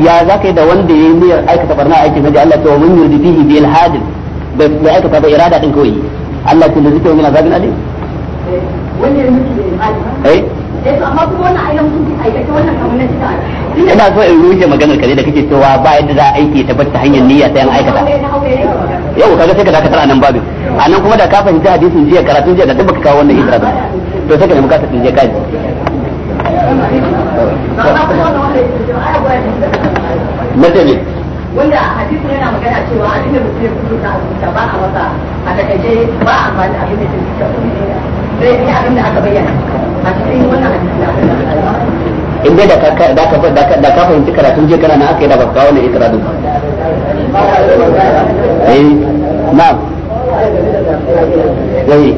ya za ka yi da wanda ya yi niyyar aikata barna aikin haji Allah ta wa mun yurdi fihi bil hadin bai aikata ba irada din kawai Allah ta zike wa min azabin alim wanda ya mutu da imani eh eh amma kuma wannan ayyukan sun aikata wannan kamar na cikin ina so in ruje maganar kare da kake cewa ba yadda za a aiki ta bar ta hanyar niyya sai an aikata yau kaga sai ka dakatar a nan babu a nan kuma da ka fahimci hadisin jiya karatun jiya da duk baka kawo wannan idrar to sai ka nemi kasa tsinje kaji mutane wanda hadisi yana magana cewa abin da mutum ya kudu ta da ba a masa a takaice ba a amfani abin da ya zai yi abin da aka bayyana a cikin wannan hadisi hadisin in dai da ka da ka fahimci karatun je kana na aka yi da baka wani ikra ba. eh na. eh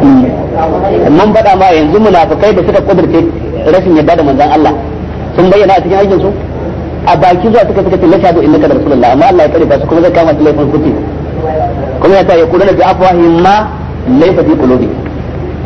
hmm. mun bada ma yanzu munafikai da suka kudurce rashin yadda da manzon Allah sun bayyana a cikin aikin su a baki zuwa suka suka ce la shahadu innaka da rasulullah amma Allah ya kare ta su kuma zai kama su laifin kuti kuma ya ta yakuna bi afwahim ma laysa fi qulubihim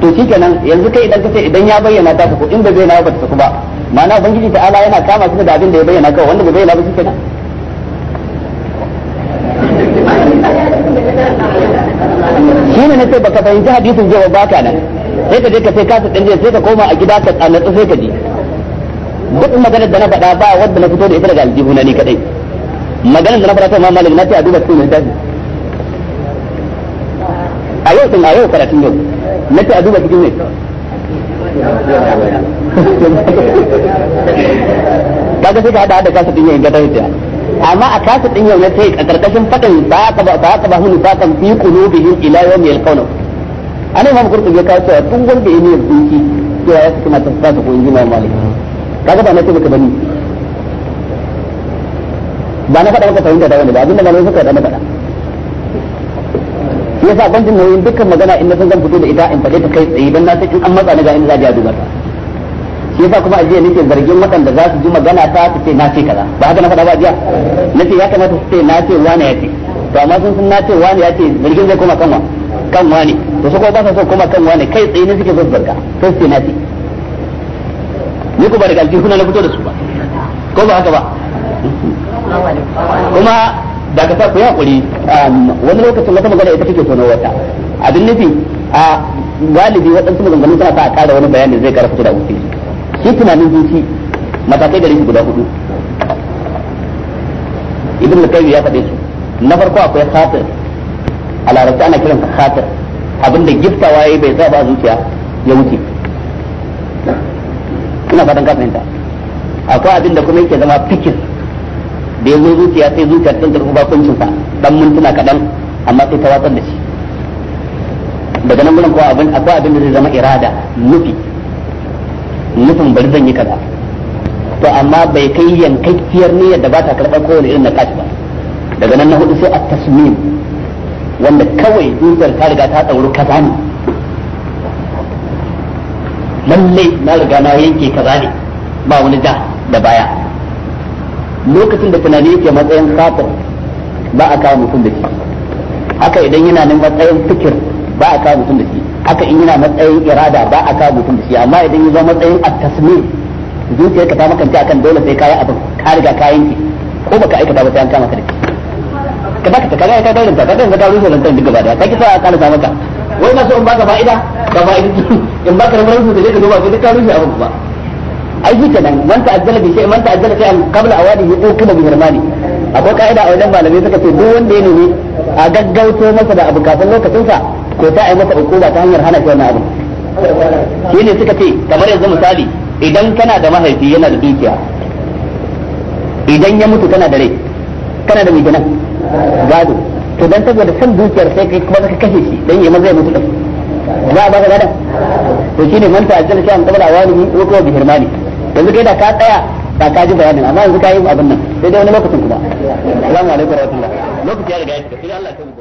to shikenan yanzu kai idan kace idan ya bayyana ta ku in bai na ba ta ku ba ma'ana ubangiji ala yana kama su da abin da ya bayyana kawai wanda bai bayyana ba shikenan shine na ce baka fahimci hadisin jawab ba ka nan sai ka je ka sai ka sa danje sai ka koma a gida ka tsanatsu sai ka ji duk maganar da na faɗa ba wanda na fito da ita daga aljihu na ni kadai maganar da na faɗa ta ma malam na ce a su ne littafi a yau tun a yau karatun yau na a duba cikin ne kaga sai ka hada da kasa din yayin ga tafiya amma a kasa din yau na sai a karkashin fadin ba ka ba ba ka ba hunu fakan fi qulubihim ila yawm yalqawna anan ma kurtu ya kawo cewa tun gurbi ne niyyar dinki to ya saki mata ta ko injina malik kaga ba na ce maka bani ba na fada maka tawinda da wani ba abinda malamai suka faɗa maka ya sa ban jin nauyin dukkan magana in na zan fito da ita in faɗe ta kai tsaye dan na san in an matsa ni ga in za ga duba ta shi yasa kuma ajiya nake zargin waɗanda za su ji magana ta ta ce na ce kaza ba haka na faɗa ba ajiya ce ya kamata su ce na ce wani ya ce to amma sun sun na ce wani ya ce zargin zai koma kan wa kan wani to su ko ba su so koma kan wani kai tsaye ne suke zo zarga sai su ce na ce ni ko ba daga aljihu na fito da su ba ko ba haka ba kuma da ka sa ku kuri um, wani lokacin wata magana ita take tono wata abin nufi a galibi waɗansu maganganu suna sa a ƙara wani bayani zai karfafa da wuce shi tunanin zuci matakai da shi guda hudu ibn al-qayyim ya faɗe su na farko akwai khatir a larabci ana kiran sa khatir abinda giftawa yayi bai zaba zuciya ya wuce ina fatan ka fahimta akwai abinda kuma yake zama fikir da ya zo zuciya sai zuciya ta karɓi bakuncinsa dan mintuna kaɗan amma sai ta watsar da shi daga nan gurin kuwa abin akwai abin da zai zama irada nufi nufin bari zan yi kaza to amma bai kai yankakkiyar niyyar da ba ta karɓar kowane irin nakashi ba daga nan na hudu sai a tasmin wanda kawai zuciyar ta riga ta tsauri kaza ne lallai na riga na yanke kaza ne ba wani da da baya lokacin da tunani yake matsayin satar ba a kawo mutum da shi haka idan yana nan matsayin fikir ba a kawo mutum da shi haka in yana matsayin irada ba a kawo mutum da shi amma idan ya zo matsayin at-tasmim zuciyarka ta makanta akan dole sai kayi abin ka riga kayan ki ko baka aikata ba sai an kama ka da shi ka baka ta kaga ka dai ranta ka dai ka rufe rantan duk gaba da ka sai a kala maka wai na so in baka fa'ida ba fa'ida in baka rabar su da ka duba ka duk ka rufe abin ba ai shi kenan man ta'ajjala bi shay'in man ta'ajjala shay'an qabla awadihi ukuma bi hirmani akwai ka'ida a wajen malamai suka ce duk wanda ya nemi a gaggauto masa da abu kafin lokacin sa ko ta ai masa hukuma ta hanyar hana shi wannan abu shi ne suka ce kamar yanzu misali idan kana da mahaifi yana da dukiya idan ya mutu kana da rai kana da mijina gado to dan saboda san dukiyar sai kai kuma ka kashe shi dan yayi ya mutu da za a ba baka gadan to ne manta ta'ajjala shay'an an awanihi wa huwa bi hirmani yanzu kai da ka tsaya ba ka ji bayanin amma yanzu ka yi abin nan sai dai wani lokacin kuma assalamu alaikum warahmatullahi lokaci ya riga ya shiga sai Allah ya